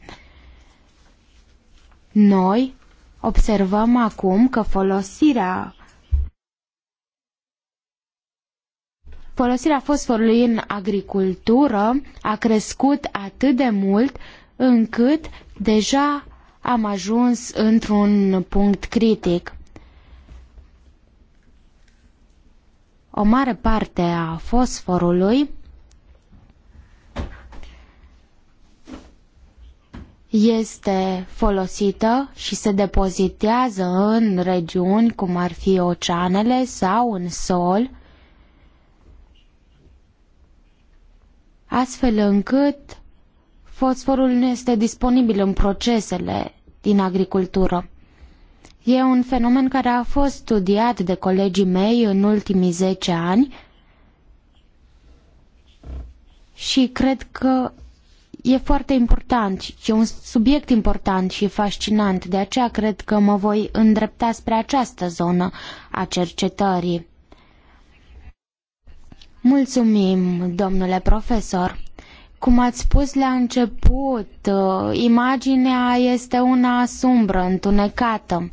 Noi observăm acum că folosirea Folosirea fosforului în agricultură a crescut atât de mult încât deja am ajuns într-un punct critic. O mare parte a fosforului este folosită și se depozitează în regiuni cum ar fi oceanele sau în sol, astfel încât fosforul nu este disponibil în procesele din agricultură. E un fenomen care a fost studiat de colegii mei în ultimii zece ani și cred că e foarte important, e un subiect important și fascinant, de aceea cred că mă voi îndrepta spre această zonă a cercetării. Mulțumim, domnule profesor. Cum ați spus la început, uh, imaginea este una sumbră, întunecată.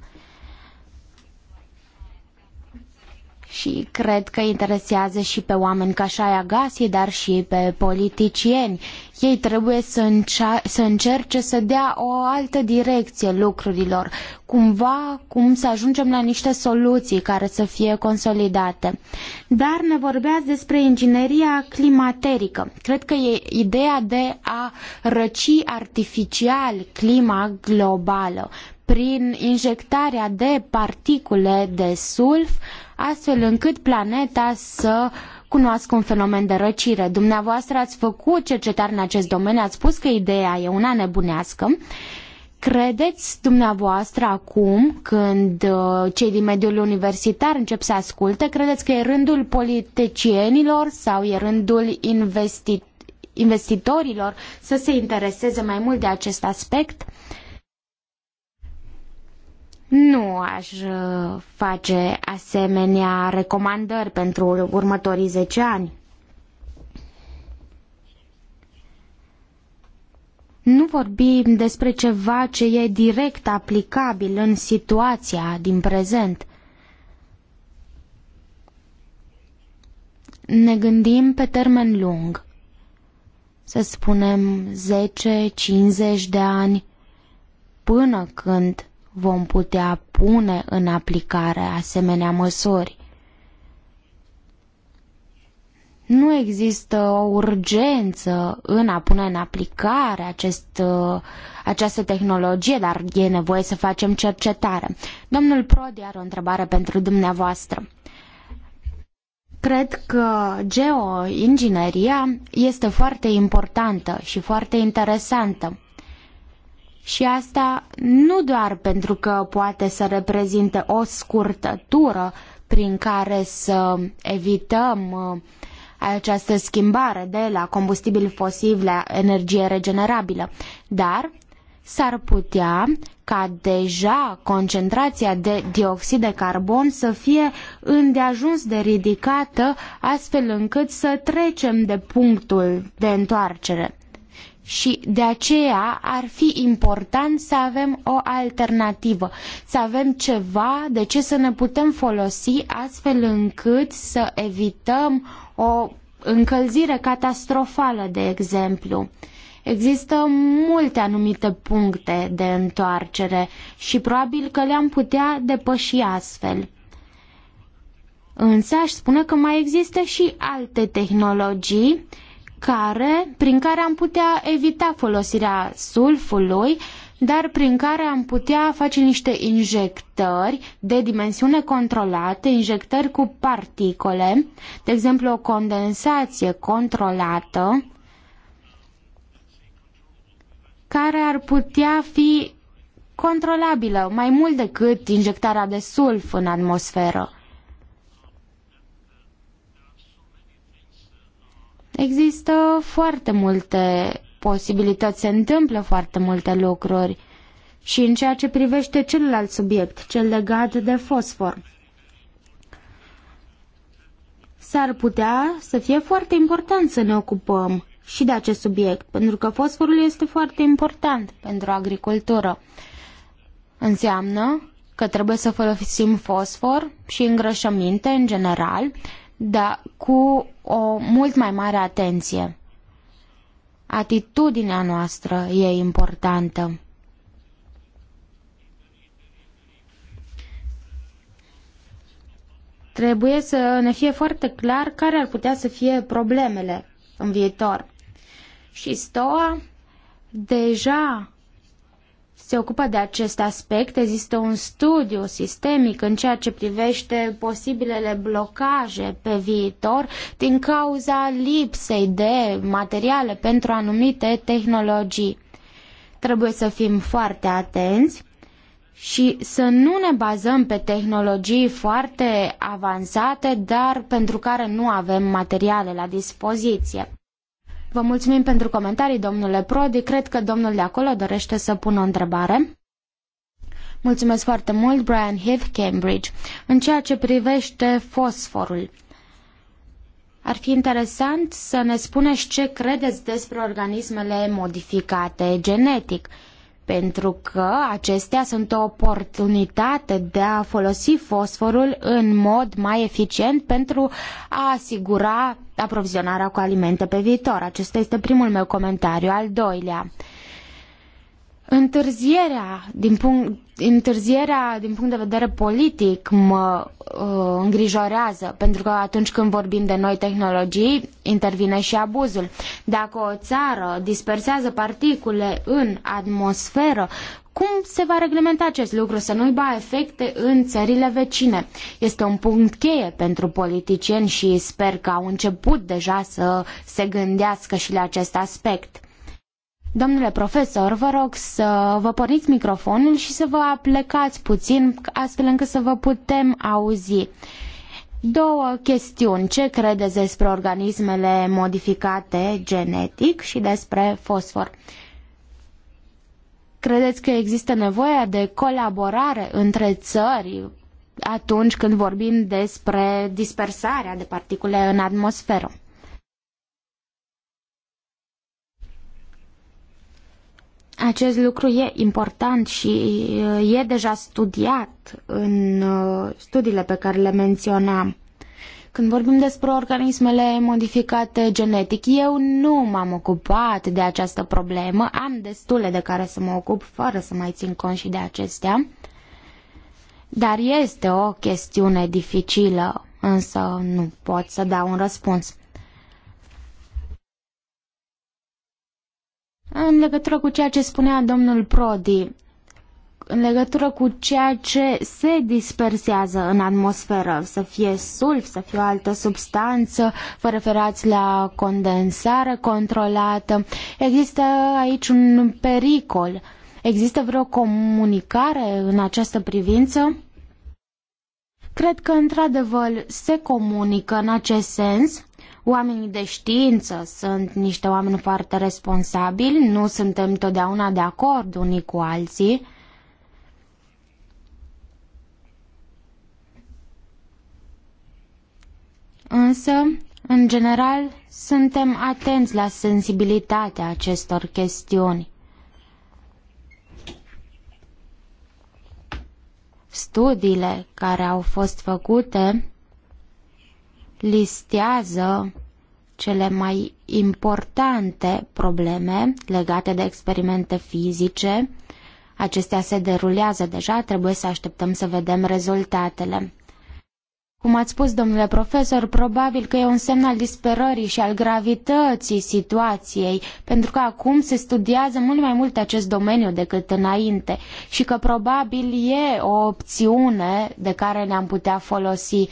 și cred că interesează și pe oameni ca Shaya Gassi, dar și pe politicieni. Ei trebuie să, să încerce să dea o altă direcție lucrurilor, cumva cum să ajungem la niște soluții care să fie consolidate. Dar ne vorbeați despre ingineria climaterică. Cred că e ideea de a răci artificial clima globală prin injectarea de particule de sulf astfel încât planeta să cunoască un fenomen de răcire. Dumneavoastră ați făcut cercetare în acest domeniu, ați spus că ideea e una nebunească. Credeți dumneavoastră acum, când uh, cei din mediul universitar încep să asculte, credeți că e rândul politicienilor sau e rândul investitorilor să se intereseze mai mult de acest aspect? Uh, nu aș uh, face asemenea recomandări pentru următorii 10 ani. Nu vorbim despre ceva ce e direct aplicabil în situația din prezent. Ne gândim pe termen lung, să spunem 10-50 de ani, până când vom putea pune în aplicare asemenea măsuri. Nu există o urgență în a pune în aplicare acest, uh, această tehnologie, dar e nevoie să facem cercetare. Domnul Prodi are o întrebare pentru dumneavoastră. Cred că geoingineria este foarte importantă și foarte interesantă. Și asta nu doar pentru că poate să reprezinte o scurtătură prin care să evităm uh, această schimbare de la combustibil fosil la energie regenerabilă, dar s-ar putea ca deja concentrația de dioxid de carbon să fie îndeajuns de ridicată, astfel încât să trecem de punctul de întoarcere și de aceea ar fi important să avem o alternativă, să avem ceva de ce să ne putem folosi astfel încât să evităm o încălzire catastrofală, de exemplu. Există multe anumite puncte de întoarcere și probabil că le-am putea depăși astfel. Însă aș spune că mai există și alte tehnologii care, prin care am putea evita folosirea sulfului, dar prin care am putea face niște injectări de dimensiune controlate, injectări cu particole, de exemplu o condensație controlată, care ar putea fi controlabilă mai mult decât injectarea de sulf în atmosferă. Există foarte multe posibilități, se întâmplă foarte multe lucruri și în ceea ce privește celălalt subiect, cel legat de fosfor. S-ar putea să fie foarte important să ne ocupăm și de acest subiect, pentru că fosforul este foarte important pentru agricultură. Înseamnă că trebuie să folosim fosfor și îngrășăminte în general, dar cu o mult mai mare atenție. Atitudinea noastră e importantă. Trebuie să ne fie foarte clar care ar putea să fie problemele în viitor. Și STOA deja se ocupă de acest aspect. Există un studiu sistemic în ceea ce privește posibilele blocaje pe viitor din cauza lipsei de materiale pentru anumite tehnologii. Trebuie să fim foarte atenți și să nu ne bazăm pe tehnologii foarte avansate, dar pentru care nu avem materiale la dispoziție. Vă mulțumim pentru comentarii, domnule Prodi. Cred că domnul de acolo dorește să pună o întrebare. Mulțumesc foarte mult, Brian Heath, Cambridge. În ceea ce privește fosforul, ar fi interesant să ne spuneți ce credeți despre organismele modificate genetic pentru că acestea sunt o oportunitate de a folosi fosforul în mod mai eficient pentru a asigura aprovizionarea cu alimente pe viitor. Acesta este primul meu comentariu. Al doilea, Întârzierea din, punct, întârzierea din punct de vedere politic mă uh, îngrijorează, pentru că atunci când vorbim de noi tehnologii, intervine și abuzul. Dacă o țară dispersează particule în atmosferă, cum se va reglementa acest lucru, să nu-i ba efecte în țările vecine? Este un punct cheie pentru politicieni și sper că au început deja să se gândească și la acest aspect. Domnule profesor, vă rog să vă porniți microfonul și să vă aplecați puțin astfel încât să vă putem auzi. Două chestiuni. Ce credeți despre organismele modificate genetic și despre fosfor? Credeți că există nevoie de colaborare între țări atunci când vorbim despre dispersarea de particule în atmosferă? Acest lucru e important și uh, e deja studiat în uh, studiile pe care le menționam. Când vorbim despre organismele modificate genetic, eu nu m-am ocupat de această problemă, am destule de care să mă ocup fără să mai țin cont și de acestea, dar este o chestiune dificilă, însă nu pot să dau un răspuns. În legătură cu ceea ce spunea domnul Prodi, în legătură cu ceea ce se dispersează în atmosferă, să fie sulf, să fie o altă substanță, vă referați la condensare controlată, există aici un pericol. Există vreo comunicare în această privință? Cred că, într-adevăr, se comunică în acest sens, Oamenii de știință sunt niște oameni foarte responsabili, nu suntem totdeauna de acord unii cu alții. Însă, în general, suntem atenți la sensibilitatea acestor chestiuni. Studiile care au fost făcute listează cele mai importante probleme legate de experimente fizice. Acestea se derulează deja, trebuie să așteptăm să vedem rezultatele. Cum ați spus, domnule profesor, probabil că e un semn al disperării și al gravității situației, pentru că acum se studiază mult mai mult acest domeniu decât înainte și că probabil e o opțiune de care ne-am putea folosi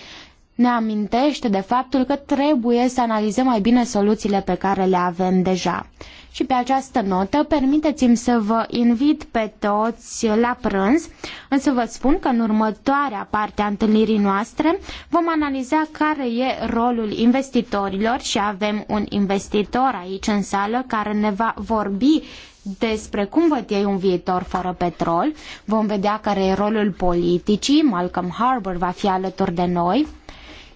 ne amintește de faptul că trebuie să analizăm mai bine soluțiile pe care le avem deja. Și pe această notă, permiteți-mi să vă invit pe toți la prânz, însă vă spun că în următoarea parte a întâlnirii noastre vom analiza care e rolul investitorilor și avem un investitor aici în sală care ne va vorbi despre cum văd ei un viitor fără petrol. Vom vedea care e rolul politicii. Malcolm Harbour va fi alături de noi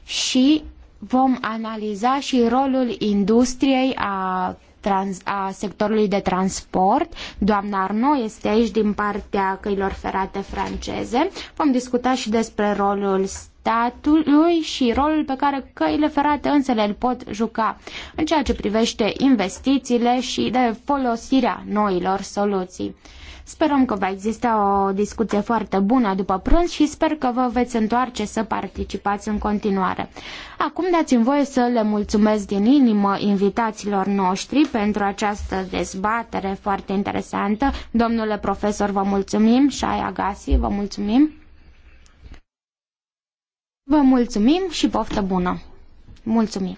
și vom analiza și rolul industriei a trans, a sectorului de transport. Doamna Arno este aici din partea căilor ferate franceze. Vom discuta și despre rolul statului și rolul pe care căile ferate însele îl pot juca în ceea ce privește investițiile și de folosirea noilor soluții. Sperăm că va exista o discuție foarte bună după prânz și sper că vă veți întoarce să participați în continuare. Acum dați-mi voie să le mulțumesc din inimă invitațiilor noștri pentru această dezbatere foarte interesantă. Domnule profesor, vă mulțumim, Shai Agassi, vă mulțumim. Vă mulțumim și poftă bună! Mulțumim!